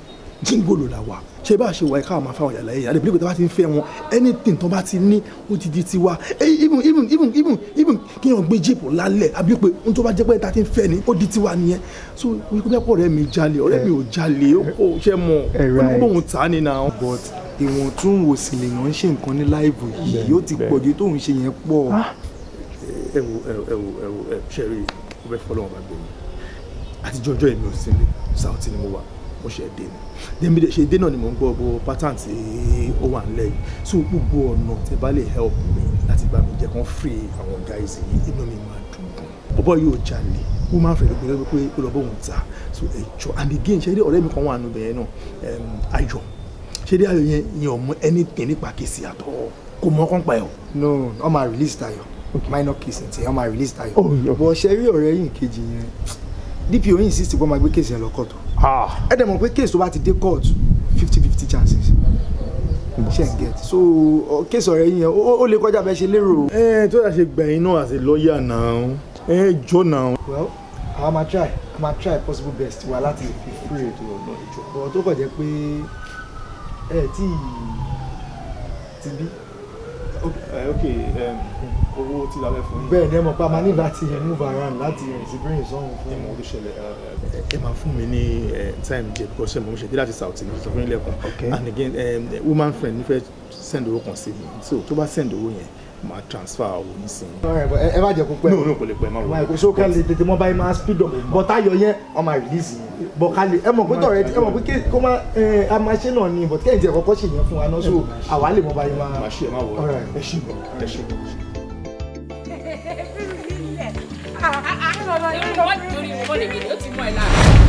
jíngòlò là wà ṣé bá ṣe wà ẹ káwọn máa fáwọn yàrá yàrá ìbílẹ̀ tó bá ti ń fẹ́ wọn anything tó bá ti ní ó ti di tiwa even even even even even kí èèyàn gbé jíìpù lálẹ̀ àbí pé ohun tó bá jẹ́ pé ta ti ń fẹ́ ni ó di tiwa nìyẹn so wípé pẹ́pọ̀ ọ̀rẹ́ mi jalè ọ̀rẹ́ mi ò jalè ó kò ṣe mọ̀ ó bóun ta ni na. but ìwọ̀n tún wò sí lèèyàn ń ṣe nǹkan ní láìbù yìí yóò ti pọ̀jù tóun ṣe yẹn pọ̀. Ah! ẹ wo ẹ wo ẹ wo ẹ ṣẹ́rí ó fẹ́ fọ́lọ́wọ́n bá gbé then bí de ṣe dé ni mò ń gbọ́ bó pattern tí ó wà nílẹ̀ yìí so gbogbo ọ̀nà tẹ bá lè help mi láti bá mi jẹ́ kán free àwọn guys yìí inú mi máa dùn gan bọ́bọ́ yóò jalè ó máa ń fẹ́ lópin pé ó lọ bóun ta so ẹ̀jọ̀ and again ṣe dé ọ̀rẹ́ mi kan wà nù bẹ̀yẹn náà ayọ̀ ṣe dé ayọ̀ yẹn yẹn ò mọ anything nípa kìsì àtọ̀ kò mọ kán pa ẹ̀ o. no ọ máa release tayo minor kìsì tí ọ máa release tayo oh, bọ̀ ṣe rí ọ̀rẹ́ yìí kejì yẹn dp oyin sì ti gbọ́ máa gbé kìsì yẹn lọ Ah. ẹ dẹ̀ mọ̀ pé case tó bá ti dé court fifty fifty chances ṣe ń get so case ọ̀rẹ́ yín yẹn ó lè kọjá bẹ́ẹ̀ ṣe lérò. ẹ tó yà ṣe gbẹ̀yìn náà as a lawyer náà ẹ jọ náà. well àwa máa try máa try possible best wa láti fi free ètò ọ̀nà ìjọba ọ̀rọ̀ tó kàn jẹ́ pé ẹ tí ti bí. ok. Uh, okay um, owó tí la fún yín. bẹ́ẹ̀ ni ẹ mọ̀ pé a máa ní láti move around láti zibirin sọ́hún fún mi. olú ṣẹlẹ̀ ẹ máa fún mi ní time díẹ̀ because ṣe mo ṣe dé láti south ní sọ fún and again woman friend nífẹ̀ẹ́ send owó kan sí mi so tó bá send owó yẹn ma transfer owó nísìnyí. ẹ má jẹ kó pẹ́ no no kò lè pẹ́ má wọlé. ẹ so ká lè tètè mọ báyìí máa speed up but ayọ̀ yẹn wọ́n release yẹn but ká lè ẹ mọ̀ pé tọ̀rẹ́ ẹ mọ̀ pé kó má ẹ a máa ṣe náà ni but kẹ́hìntì ẹ̀kọ́ kọ́ ṣèyàn fún wa náà so àwa lè mọ báyìí máa. màá ṣe é má ẹ ṣe ẹ ṣe Àwọn ọmọ lọ́wọ́ lórí ìwọ́n lè ó ti mú ẹ láàrin.